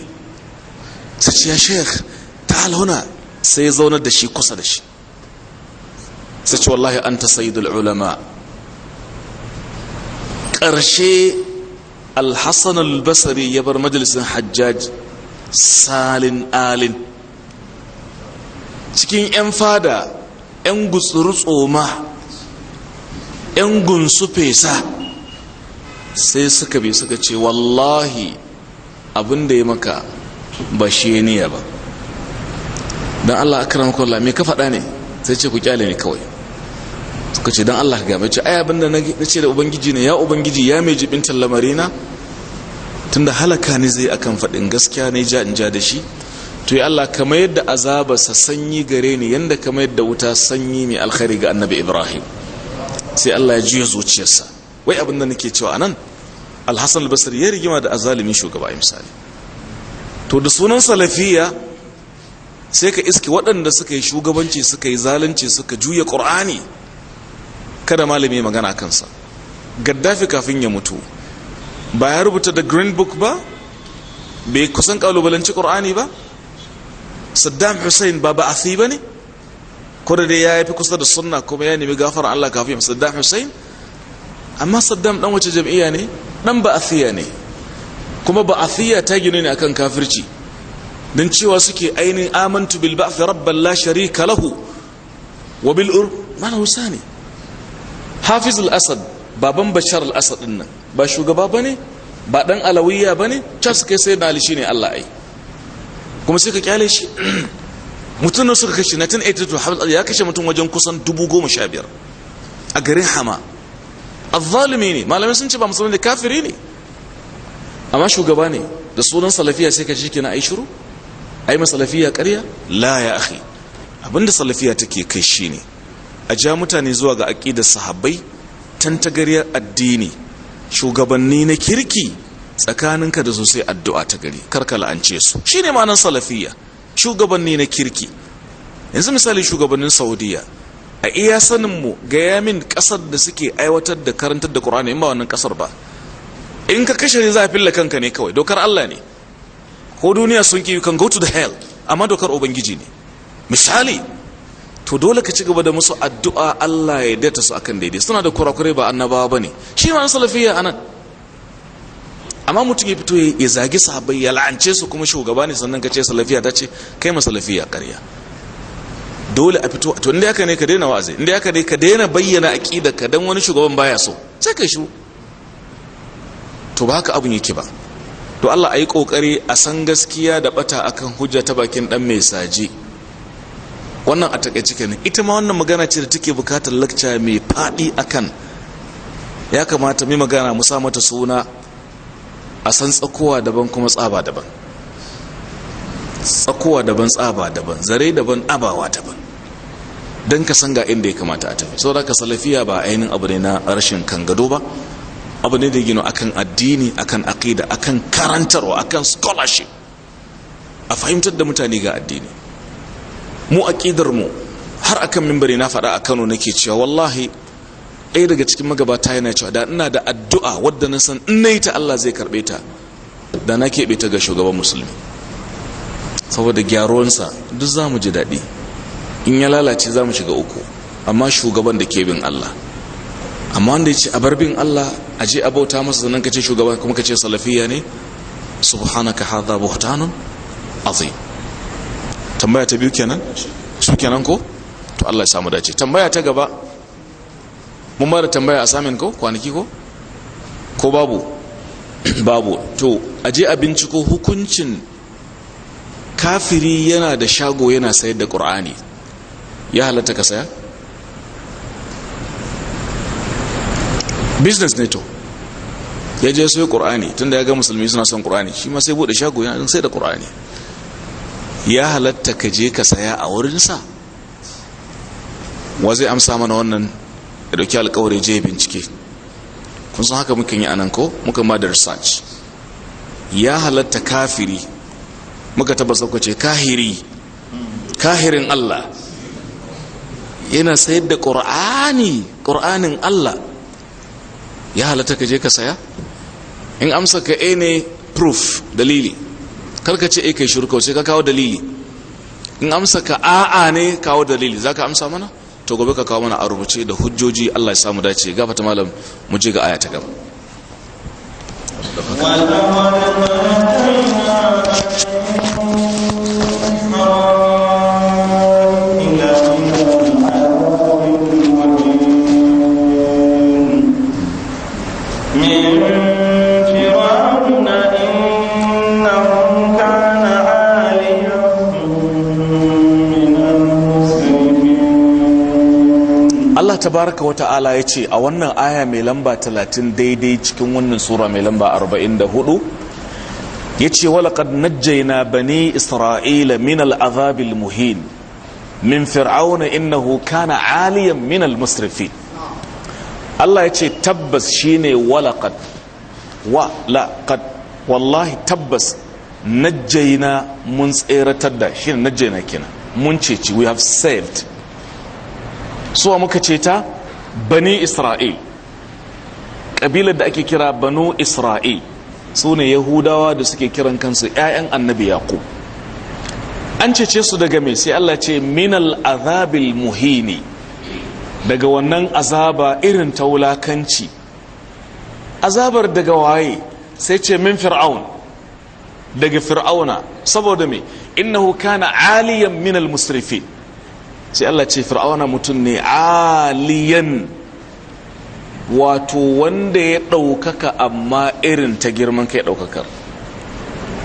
سيش يا شيخ تعال هنا سيزون الدشي قصد الشيخ sai ce wallahi an ta sayidul ulama ƙarshe alhassan albasari ya bar majalisun hajjaj salin alin cikin 'yan fada 'yan gutsuru tsoma 'yan gunsu fesa sai suka bi suka ce wallahi abin da ya maka ba shi niya ba don allah akaramkon la me ka faɗa ne sai ce ku kyale ne kawai suka ce don Allah ga mace ai abinda na ce da ubangiji ne ya ubangiji ya mai jibintar na? tunda halaka ne zai akan faɗin gaskiya ne ja in ja da shi to ya Allah kamar yadda azaba sa sanyi gare ni yanda kama yadda wuta sanyi mai alkhairi ga annabi Ibrahim sai Allah ya juya zuciyarsa wai abinda nake cewa nan? alhassan albasar ya rigima da azalimin shugaba a misali to da sunan salafiya sai ka iske waɗanda suka yi shugabanci suka yi zalunci suka juya ƙur'ani kada malami magana a kansa gaddafi kafin ya mutu ba ya rubuta da green book ba bai kusan kalubalanci ƙur'ani ba saddam hussein ba ba fi ba ne kodai dai ya yi fi kusa da sunna kuma ya nemi gafar allah kafin saddam hussein amma saddam dan wace jam'iyya ne dan ba athiya ne kuma ba fiya ta gino ne akan kafirci don cewa suke ainihin amantu bil ba'th rabban la sharika lahu wa bil ur mana wusa ne hafiz al-asad baban bashar al-asad din nan ba shugaba bane ba dan alawiya bane ta suka sai na ali shine Allah ai kuma sai ka kyale shi mutum na suka kashe 1982 hafiz ya kashe mutum wajen kusan 10,015 a garin hama azzalimi ne malamai sun ce ba musulmi ne kafiri ne amma shugaba ne da sunan salafiya sai ka shi kina ai shiru ai masalafiya ƙarya la ya akhi abinda salafiya take kai shine ne a ja mutane zuwa ga aƙidar sahabbai tantagaryar addini shugabanni na kirki tsakaninka da su addu'a ta gari karka la'ance su Shi ne ma'anar salafiyya shugabanni na kirki yanzu misali shugabannin saudiya a iya saninmu ga yamin ƙasar da suke aiwatar da karantar da ƙur'ani in ba wannan kasar ba in ka kashe ne za a filla kanka ne kawai dokar allah ne ko duniya sun ki you can go to the hell amma dokar ubangiji ne misali to dole ka ci gaba da musu addu'a Allah ya daita su akan daidai suna da kurakurai ba annabawa bane shi ma salafiya anan amma mutum ya fito ya zagi sahabbai ya la'ance su kuma shugaba ne sannan ka ce salafiya ta ce kai ma salafiya karya dole a fito to inda haka ne ka daina wa'azi inda haka ne ka daina bayyana aqida ka dan wani shugaban baya so sai ka shiru to ba haka abun yake ba to Allah ayi kokari a san gaskiya da bata akan hujja ta bakin dan mai saji wannan a takaice kenan ita ma wannan magana ce da take bukatar lakca mai faɗi akan ya kamata mai magana mu sa mata suna a san tsakowa daban kuma tsaba daban tsakowa daban tsaba daban zare daban abawa daban don ka san ga inda ya kamata a tafi sauraka salafiya ba ainihin abu ne na rashin kan gado ba abu ne da gino akan addini akan aqida akan karantarwa akan scholarship a fahimtar da mutane ga addini mu ƙidar mu har akan mimbari na faɗa a Kano nake cewa wallahi ɗaya daga cikin magabata yana cewa da ina da addu'a wadda na san in nayi ta Allah zai karɓe ta da na keɓe ta ga shugaban musulmi saboda gyaruwansa duk za mu ji daɗi in ya lalace za mu shiga uku amma shugaban da ke bin Allah amma wanda ya ce a bar bin Allah a je a bauta masa sannan ka ce shugaban kuma ka ce salafiya ne subhanaka hadha buhtanun azim tambaya ta biyu kenan su kenan ko to Allah ya samu dace tambaya ta gaba mun mara tambaya a samin ko kwanaki ko ko babu babu to aje a binciko hukuncin kafiri yana da shago yana sayar da qur'ani ya halatta ka saya business ne to ya je sai qur'ani tunda ya ga musulmi suna son qur'ani shi ma sai bude shago yana sayar da qur'ani ya halatta ka je ka saya a wurinsa wa zai amsa mana wannan ya dauki alkawari je bincike kun san haka muka yi anan ko muka ma da research ya halatta kafiri muka taba ce kahiri kahirin Allah yana sayar da ƙur'ani ƙur'anin Allah ya halatta ka je ka saya in amsa ka ene eh proof dalili karka ce eh, ka shirka sai ka kawo dalili in amsa ka a'a ne kawo dalili za ka amsa mana to gobe ka kawo mana a rubuce da hujjoji Allah ya samu dace gafata malam mu je ga aya ta gaba tabaraka wata'ala ya ce a wannan aya mai lamba 30 daidai cikin wannan sura mai lamba 44 ya ce walakad najjaina bani isra'ila min al'azabil muhin min fir'auna innahu kana aliyan min al Allah ya ce tabbas shine walakad wa wallahi tabbas najjaina mun tseratar da shine najjaina kina mun ceci we have saved suwa muka ce ta bani isra'il ƙabilar da ake kira banu isra'il su ne yahudawa da suke kiran kansu 'ya'yan annabi yaƙub an cece su daga mai sai allah ce minal azabil muhini daga wannan azaba irin ta wulakanci azabar daga waye sai ce min fir'aun daga fir'auna saboda mai innahu kana aliyan minal musrifin sai Allah ce fir'auna mutum ne aliyan wato wanda ya ɗaukaka amma irin ta girman kai ɗaukakar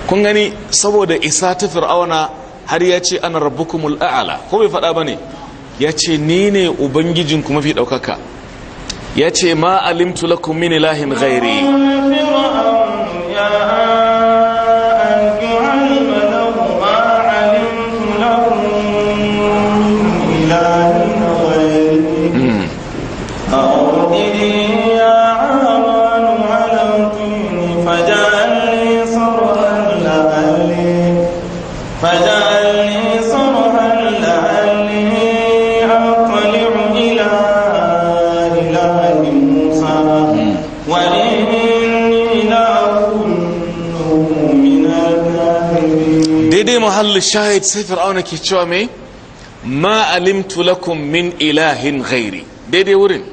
kun gani saboda isa ta fir'auna har ya ce ana rabbukumul a'ala ko bai faɗa ba ne ya ce ni ne ubangijinku mafi ɗaukaka ya ce ma alimtu lakum min ilahin ghairi mahallu shahid sai fir'auna ke cewa mai ma alimtu lakum min ilahin ghairi daidai wurin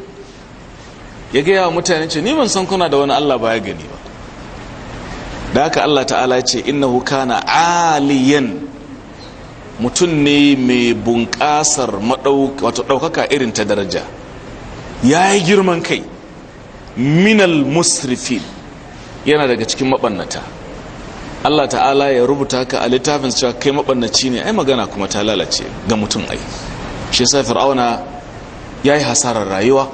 ya gaya wa mutane ce ni ban san kuna da wani Allah baya gani ba da haka Allah ta'ala ce innahu kana aliyan mutum ne mai bunƙasar ɗaukaka irin ta daraja ya yi girman kai minal musrifin yana daga cikin maɓannata Allah ta'ala ya rubuta ka a littafin cewa kai mabannaci ne ai magana kuma ta lalace ga mutum ai shi yasa fir'auna yayi hasarar rayuwa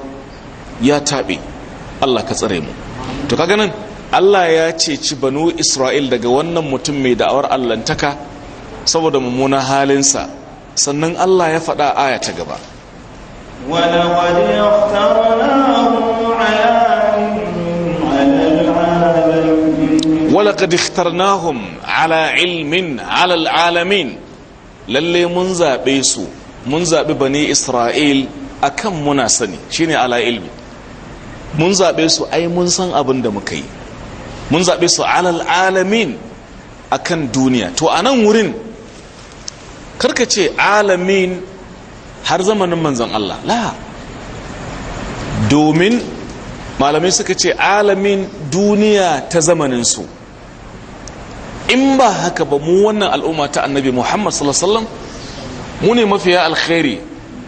ya tabe Allah ka tsare mu to kaga nan Allah ya ceci banu Isra'il daga wannan mutum mai da'awar allantaka saboda mummunan halinsa sannan Allah ya faɗa aya ta gaba لقد اخترناهم على علم على العالمين lalle mun zaɓe su mun zaɓi bani isra'il akan muna sani shine ala ilmi mun zaɓe su ai mun san abin da muka yi mun zaɓe su alal alamin akan kan duniya to a nan wurin karka ce alamin har zamanin manzan Allah la domin malamai suka ce alamin duniya ta zamanin su. in ba haka ba mu wannan al'umma ta annabi muhammad sallallahu alaihi wasallam mu ne mafiya alkhairi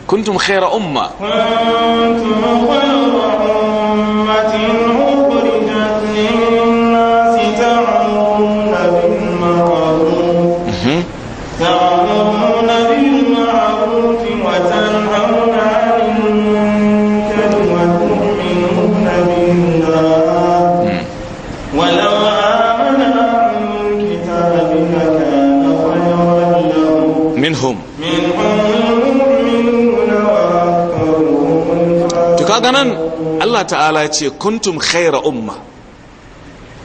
kuntum khaira umma kuntum khaira kaga nan Allah ta'ala ce kuntum khaira umma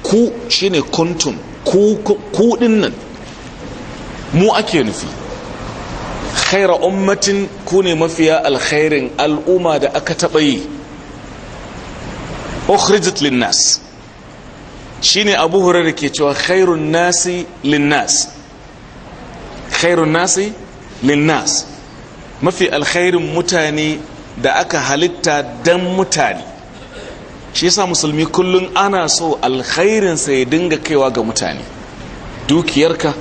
ku shine kuntum ku ku nan mu ake nufi khaira ummatin ku ne mafiya alkhairin al'umma da aka taɓa yi ukhrijat linnas shine abu hurairu ke cewa khairun nasi linnas khairun nasi linnas mafi alkhairin mutane da aka halitta dan mutane shi yasa musulmi kullum ana so alkhairinsa ya dinga kaiwa ga mutane dukiyarka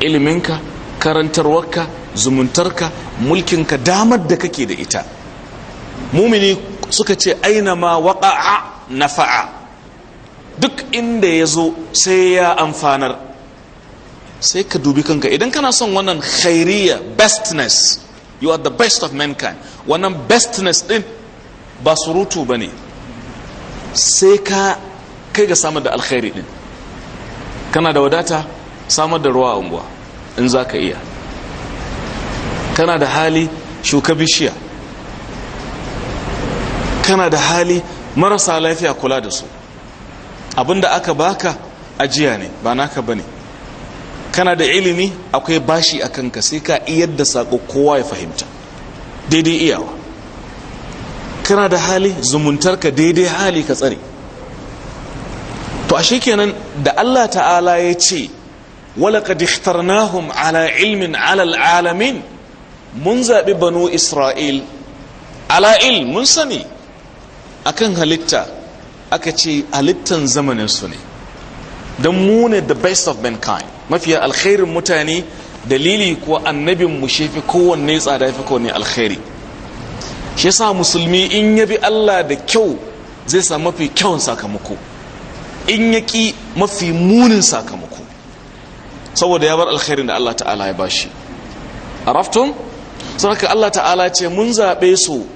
iliminka karantarwarka zumuntarka mulkinka damar da kake da ita mumini suka ce aina ma waƙa'a na fa'a duk inda ya zo sai ya amfanar sai ka dubi kanka idan kana son wannan khairiyya bestness you are the best of mankind wannan bestness din ba surutu ba ne sai ka kai ga samar da alkhairi din kana da wadata samar da ruwa a unguwa in za ka iya kana da hali shuka bishiya kana da hali marasa lafiya kula da su abinda aka baka ajiya ne ba naka ba ne. kana da ilimi akwai bashi a kanka sai ka iyar da saƙo kowa ya fahimta daidai iyawa kana da hali zumuntarka daidai hali ka tsare to ashe kenan da Allah ta'ala ya ce walaqad ikhtarnahum ala ilmin ala alamin mun zaɓi banu isra'il ala il mun sani akan halitta aka ce halittan zamanin su ne don mu ne the best of mankind mafiya alkhairin mutane dalili ko annabin mu shefi kowanne tsada ya fi kowanne alkhairi shi sa musulmi in ya bi Allah da kyau zai sa mafi kyawun sakamako in ya ki mafi munin sakamako saboda ya bar alkhairin da Allah ta'ala ya bashi raftun saboda Allah ta'ala ce mun zaɓe su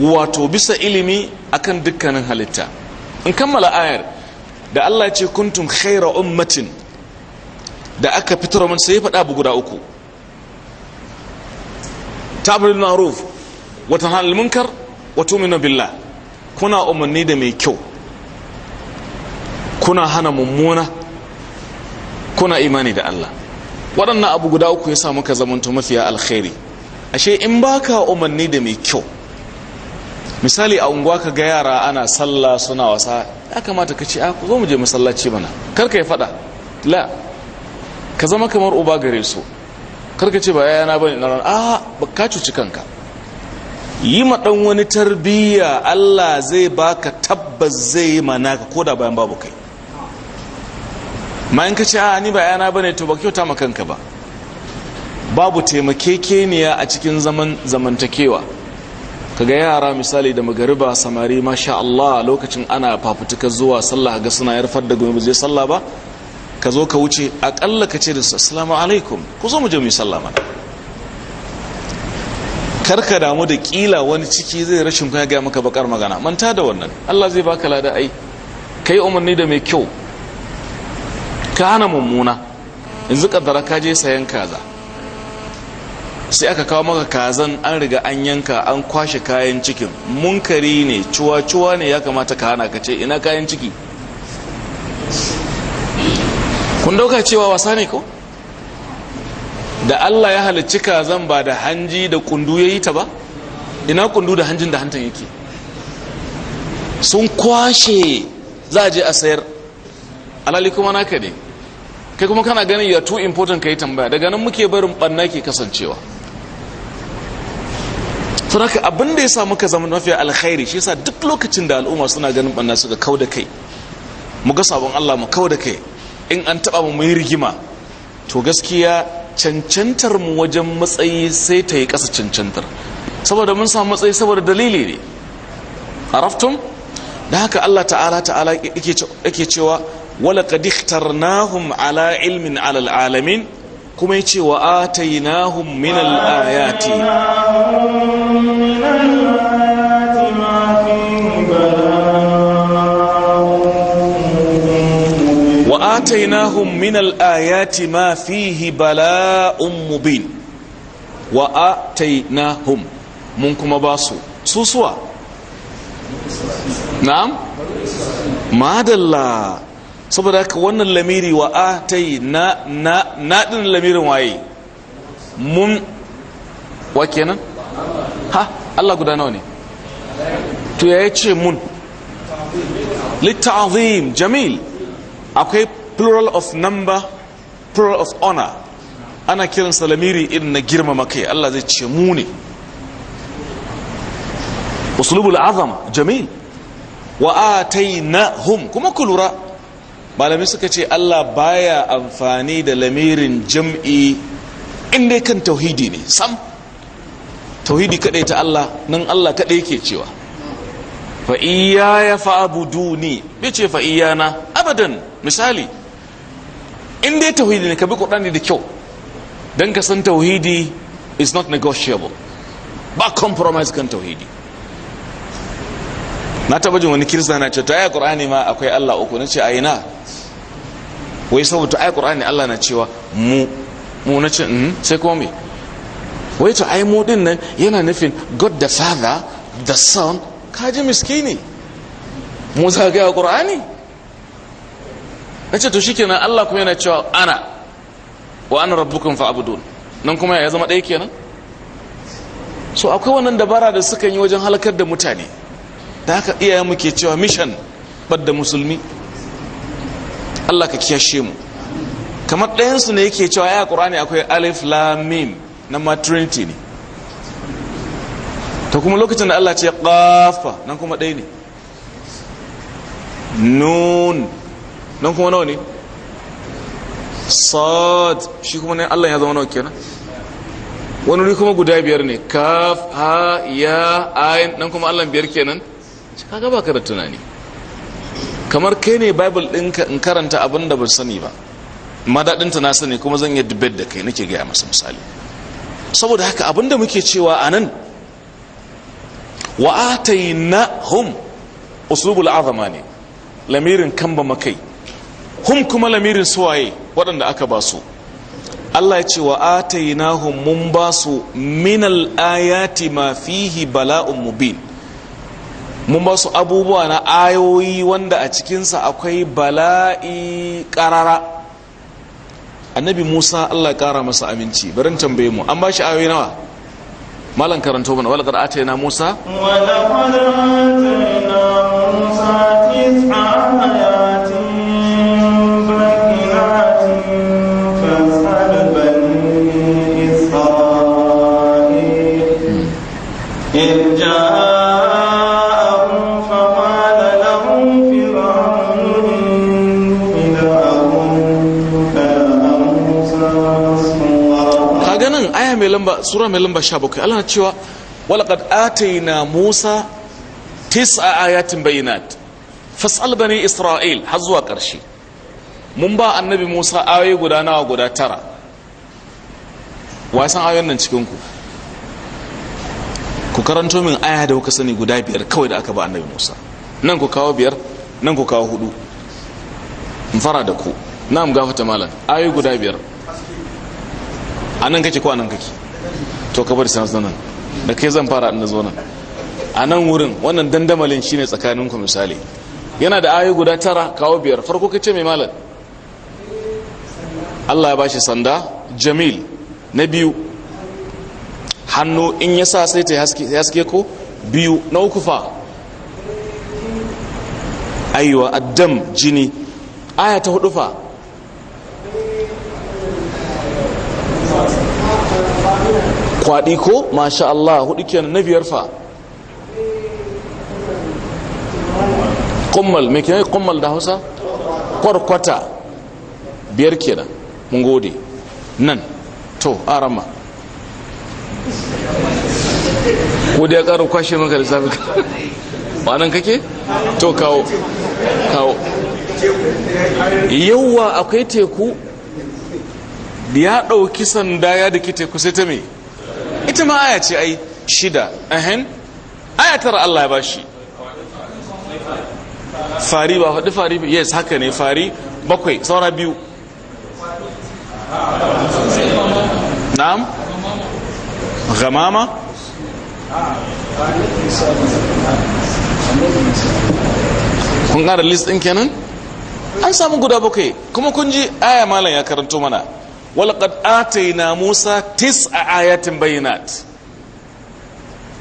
wato bisa ilimi akan dukkanin halitta in kammala ayar da Allah ce kuntum khaira ummatin da aka fitar mun sai faɗa bu guda uku ta'murul ma'ruf wa tanhalul munkar wa tu'minu billah kuna umarni da mai kyau kuna hana mummuna kuna imani da Allah waɗannan abu guda uku ya sa muka zamanto mafiya alkhairi ashe in baka umarni da mai kyau misali a unguwa ka ga yara ana sallah suna wasa ya kamata ka ce ah, ku zo mu je masallaci mana kar ka yi faɗa la ka zama kamar uba gare su kar ka ce ba yana bane na ran a ba ka cuci kanka yi ma dan wani tarbiyya Allah zai baka tabbas zai yi mana ka koda bayan babu kai ma in ka ce a ni ba yana bane to ba kyauta ma kanka ba babu taimakekeniya a cikin zaman zamantakewa kaga yara misali da magariba samari masha Allah lokacin ana fafutuka zuwa sallah ga suna yarfar da gobe zai sallah ba ka zo ka wuce akalla ka ce da su assalamu alaikum ku zo mu je mu sallah mana karka damu da kila wani ciki zai rashin kuma ga maka bakar magana manta da wannan Allah zai baka lada ai kai umarni da mai kyau ka hana mummuna yanzu kadara ka je sayan kaza sai aka kawo maka kazan an riga an yanka an kwashe kayan cikin munkari ne cuwa-cuwa ne ya kamata ka hana ka ce ina kayan ciki kun dauka cewa wasa ne ko da allah ya halicci kazan ba da hanji da kundu ya yi ta ba ina kundu da hanjin da hantan yake sun kwashe za a je a sayar alali kuma naka ne kai kuma kana ganin ya too important ka yi tambaya daga nan muke barin ɓanna ke kasancewa sun haka abin da ya sa muka zama mafiya alkhairi shi yasa duk lokacin da al'umma suna ganin banna suka kau da kai mu ga sabon Allah mu kau da kai in an taba mu yi rigima to gaskiya cancantar mu wajen matsayi sai ta yi ƙasa cancantar saboda mun samu matsayi saboda dalili ne araftum da haka Allah ta'ala ta'ala yake cewa wala qad ikhtarnahum ala ilmin ala alamin kuma yace wa atainahum min al ayati وآتيناهم من الآيات ما فيه بلاء مبين وآتيناهم منكم باسو سوسوا نعم ما دلا saboda haka wannan lamiri wa a ta yi na naɗin lamirin waye mun wa kenan ha Allah guda nawa ne ce mun jamil akwai plural of number plural of honor ana kiransa lamiri in na girmama kai Allah zai ce mu ne uslubul azam jamil wa atainahum kuma kulura malami suka ce Allah baya amfani da lamirin jam'i dai kan tauhidi ne sam tauhidi kadai ta Allah nan Allah kadai yake cewa fa iyaya fa abuduni bai ce fa iyana abadan misali in dai tauhidi ne ka bi qur'ani da kyau dan ka san tauhidi is not negotiable ba compromise kan tauhidi na taba jin wani kirista na ce to ayi qur'ani ma akwai Allah uku na ce ayi na wai saboda ayi qur'ani Allah na cewa mu mu na ce mm-hmm. sai kuma me wai to ai mu din nan yana nufin God the Father the Son kaji miskini mu zagaya qur'ani nace to shikenan Allah kuma yana cewa ana wa ana rabbukum fa'budun nan kuma ya zama ɗaya kenan so akwai wannan dabara da suka yi wajen halakar da mutane da haka iyayen mu ke cewa mission da musulmi Allah ka kiyashe mu kamar su ne yake cewa ya Qur'ani akwai alif lam mim na maternity ne to kuma lokacin da Allah ce qafa nan kuma ɗaya ne nun nan kuma nawa ne sad shi kuma ne Allah ya zama nawa kenan wani wuri kuma guda biyar ne kaf ha ya ayin nan kuma Allah biyar kenan kaga baka da tunani kamar kai ne bible ɗinka in karanta abin da bai sani ba madadinta na sani kuma zan yi dubbe da kai nake gaya masa misali saboda haka abin da muke cewa a nan hum uslubul azama ne lamirin kan ba makai hum kuma lamirin suwaye waɗanda aka ba su Allah ya ce wa atainahum mun ba su minal ayati ma fihi bala'un mubin mun ba su abubuwa na ayoyi wanda a cikinsa akwai bala'i karara annabi Musa Allah kara masa aminci barin tambaye mu an ba shi ayoyi nawa malan karanto mana walakar qad atayna Musa walakar qad na Musa tis'a lamba sura mai lamba bakwai Allah na cewa walaqad atayna Musa tis'a ayatin bayyinat fas'al bani Isra'il har zuwa ƙarshe mun ba annabi Musa ayoyi guda nawa guda tara wasan ayoyin nan cikin ku ku karanto min aya da kuka sani guda biyar kawai da aka ba annabi Musa nan ku kawo biyar nan ku kawo hudu in fara da ku na mu gafata malam ayoyi guda biyar a nan kake ko a nan kake to ka bari sanar nan da kai zan fara inda zo nan a nan wurin wannan dandamalin shine tsakanin ku misali yana da ayi guda tara kawo biyar farko kace mai malam Allah ya bashi sanda jamil na biyu hannu in ya sa sai ta haske ko biyu na uku fa aiwa addam jini aya ta hudu fa kwaɗi ko masha Allah hudu kenan na biyar fa kummal me kenan kummal da hausa kwarkwata biyar kenan mun gode nan to arama ko da ya ƙara kwashe maka lissafi ba nan kake to kawo kawo yauwa akwai teku ya ɗauki sanda ya da ke teku sai ta mai ita ma aya ce ai shida ahin aya tara Allah ya bashi fari ba hudu fari yes haka ne fari bakwai saura biyu na'am gamama kun ƙara list ɗin kenan an samu guda bakwai kuma kun ji aya malam ya karanto mana walaqad ataina musa Tis a ayatin bayanat.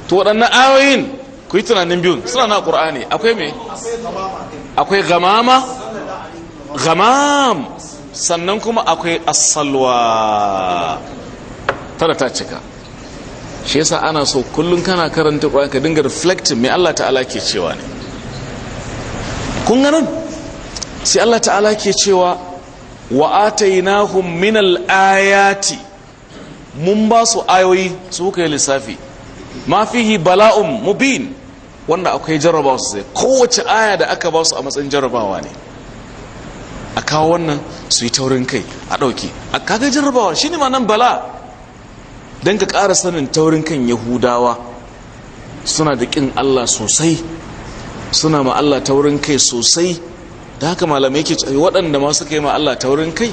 to waɗannan ayoyin ku yi tunanin biyun suna na qur'ani akwai me akwai gamama gamam sannan kuma akwai asalwa tara ta cika shi yasa ana so kullum kana karanta qur'ani ka dinga reflecting me Allah ta'ala ke cewa ne kun ganin sai Allah ta'ala ke cewa wa atainahum min al’ayati mun ba su ayoyi su kai lissafi ma fihi bala'un mubin wanda akwai jarrabawa su sai kowace aya da aka ba su a matsayin jarrabawa ne a kawo wannan su yi taurin kai a ɗauki a kaga jarrabawa shi ne nan bala don ka ƙara sanin taurin kan yahudawa suna da ƙin allah sosai suna ma allah taurin kai sosai da haka malamai ke waɗanda ma suka yi ma Allah ta wurin kai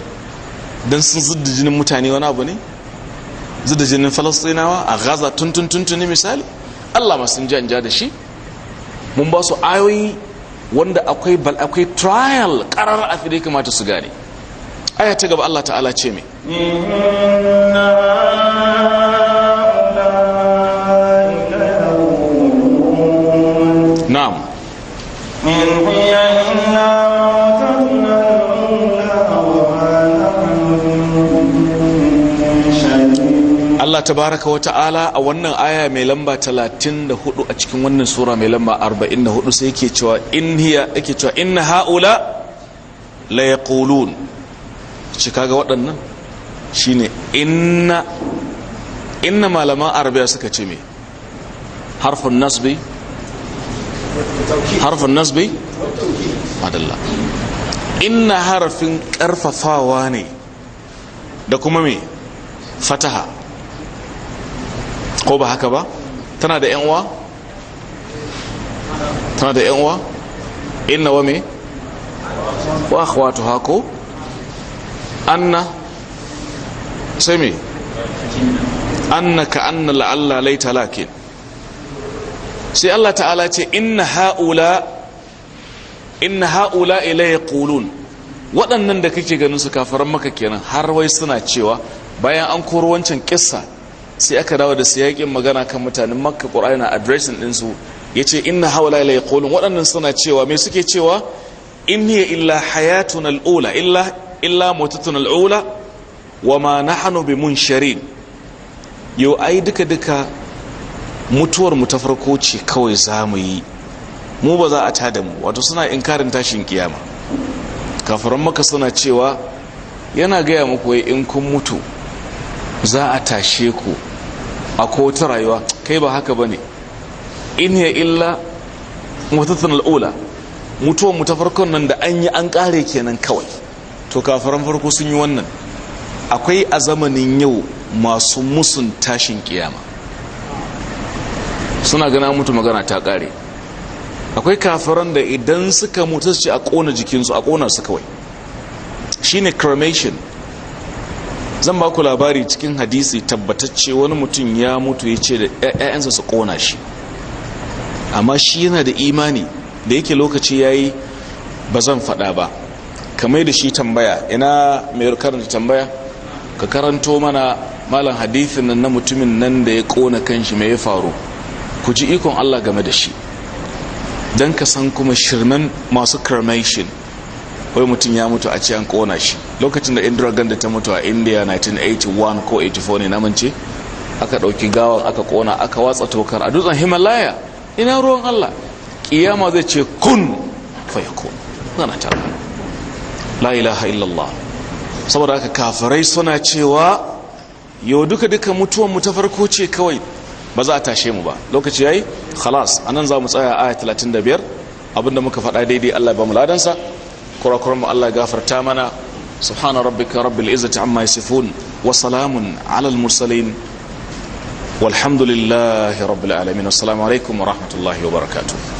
don sun zidda jinin mutane wani abu ne zidda jinin falastinawa a gaza tuntun ne misali Allah ma sun janja da shi mun ba su ayoyi wanda akwai bal akwai trial karar a fide kamata su gane aya ta gaba Allah ta'ala ce mai na'am tabaraka wa ta'ala a wannan aya mai lamba 34 a cikin wannan sura mai lamba 44 sai yake cewa in hiya yake cewa inna haula la yaqulun shi kaga waɗannan shine inna inna malaman arabiya suka ce me harfun nasbi harfin nasbi madalla inna harafin karfafawa ne da kuma me fataha ko ba haka ba tana da yanwa tana da yanwa inna wa me wa akhwatu hako anna sai me anna ka anna la'alla laita lakin sai Allah ta'ala ce inna haula inna haula ilay qulun waɗannan da kake ganin su kafaran maka kenan har wai suna cewa bayan an koro wancan kissa sai aka dawo da siyakin magana kan mutanen makka ƙwararri na adresin ɗinsu ya ce inna haula ya ƙolin waɗannan suna cewa mai suke cewa in hiya illa hayatun al'ula illa illa al'ula wa ma na hannu bi mun sharin. yau ai duka duka mutuwar mu ta farko ce kawai za mu yi mu ba za a tada mu wato suna inkarin tashin kiyama kafaran maka suna cewa yana gaya muku in kun mutu za a tashe ku a kowata rayuwa kai ba haka ba ne in ya illa mutattun al'ula mutuwan mu farkon nan da an yi an kare kenan kawai to kafaran farko sun yi wannan akwai a zamanin yau masu musun tashin kiyama suna gana mutu magana ta kare akwai kafaran da idan suka mutu su ce a kona jikinsu a kona su kawai shine cremation zan ba ku labari cikin hadisi tabbatacce wani mutum ya mutu ya ce da 'ya'yansa su kona shi amma shi yana da imani da yake lokaci ya yi ba zan faɗa ba kamar da shi tambaya ina mai karanta tambaya ka karanto mana malam hadithin nan na mutumin nan da ya kona kanshi mai ya faru ku ji ikon allah game da shi don ka san kuma shirman masu cremation wai mutum ya mutu a ce an kona shi lokacin da indira ganda ta mutu a india 1981 ko 84 ne namance aka ɗauki gawan aka kona aka watsa tokar a dutsen himalaya ina ruwan allah kiyama zai ce kun fayakun zana ta la ilaha illallah saboda aka kafirai suna cewa yau duka duka mutuwan mu ta farko ce kawai ba za a tashe mu ba lokaci yayi khalas anan za mu tsaya aya 35 abinda muka faɗa daidai Allah ba mu ladansa kurakuran mu Allah gafarta mana subhana rabbika rabbil izzati amma yasifun wa salamun alal mursalin walhamdulillahi rabbil alamin assalamu alaikum wa rahmatullahi wa barakatuh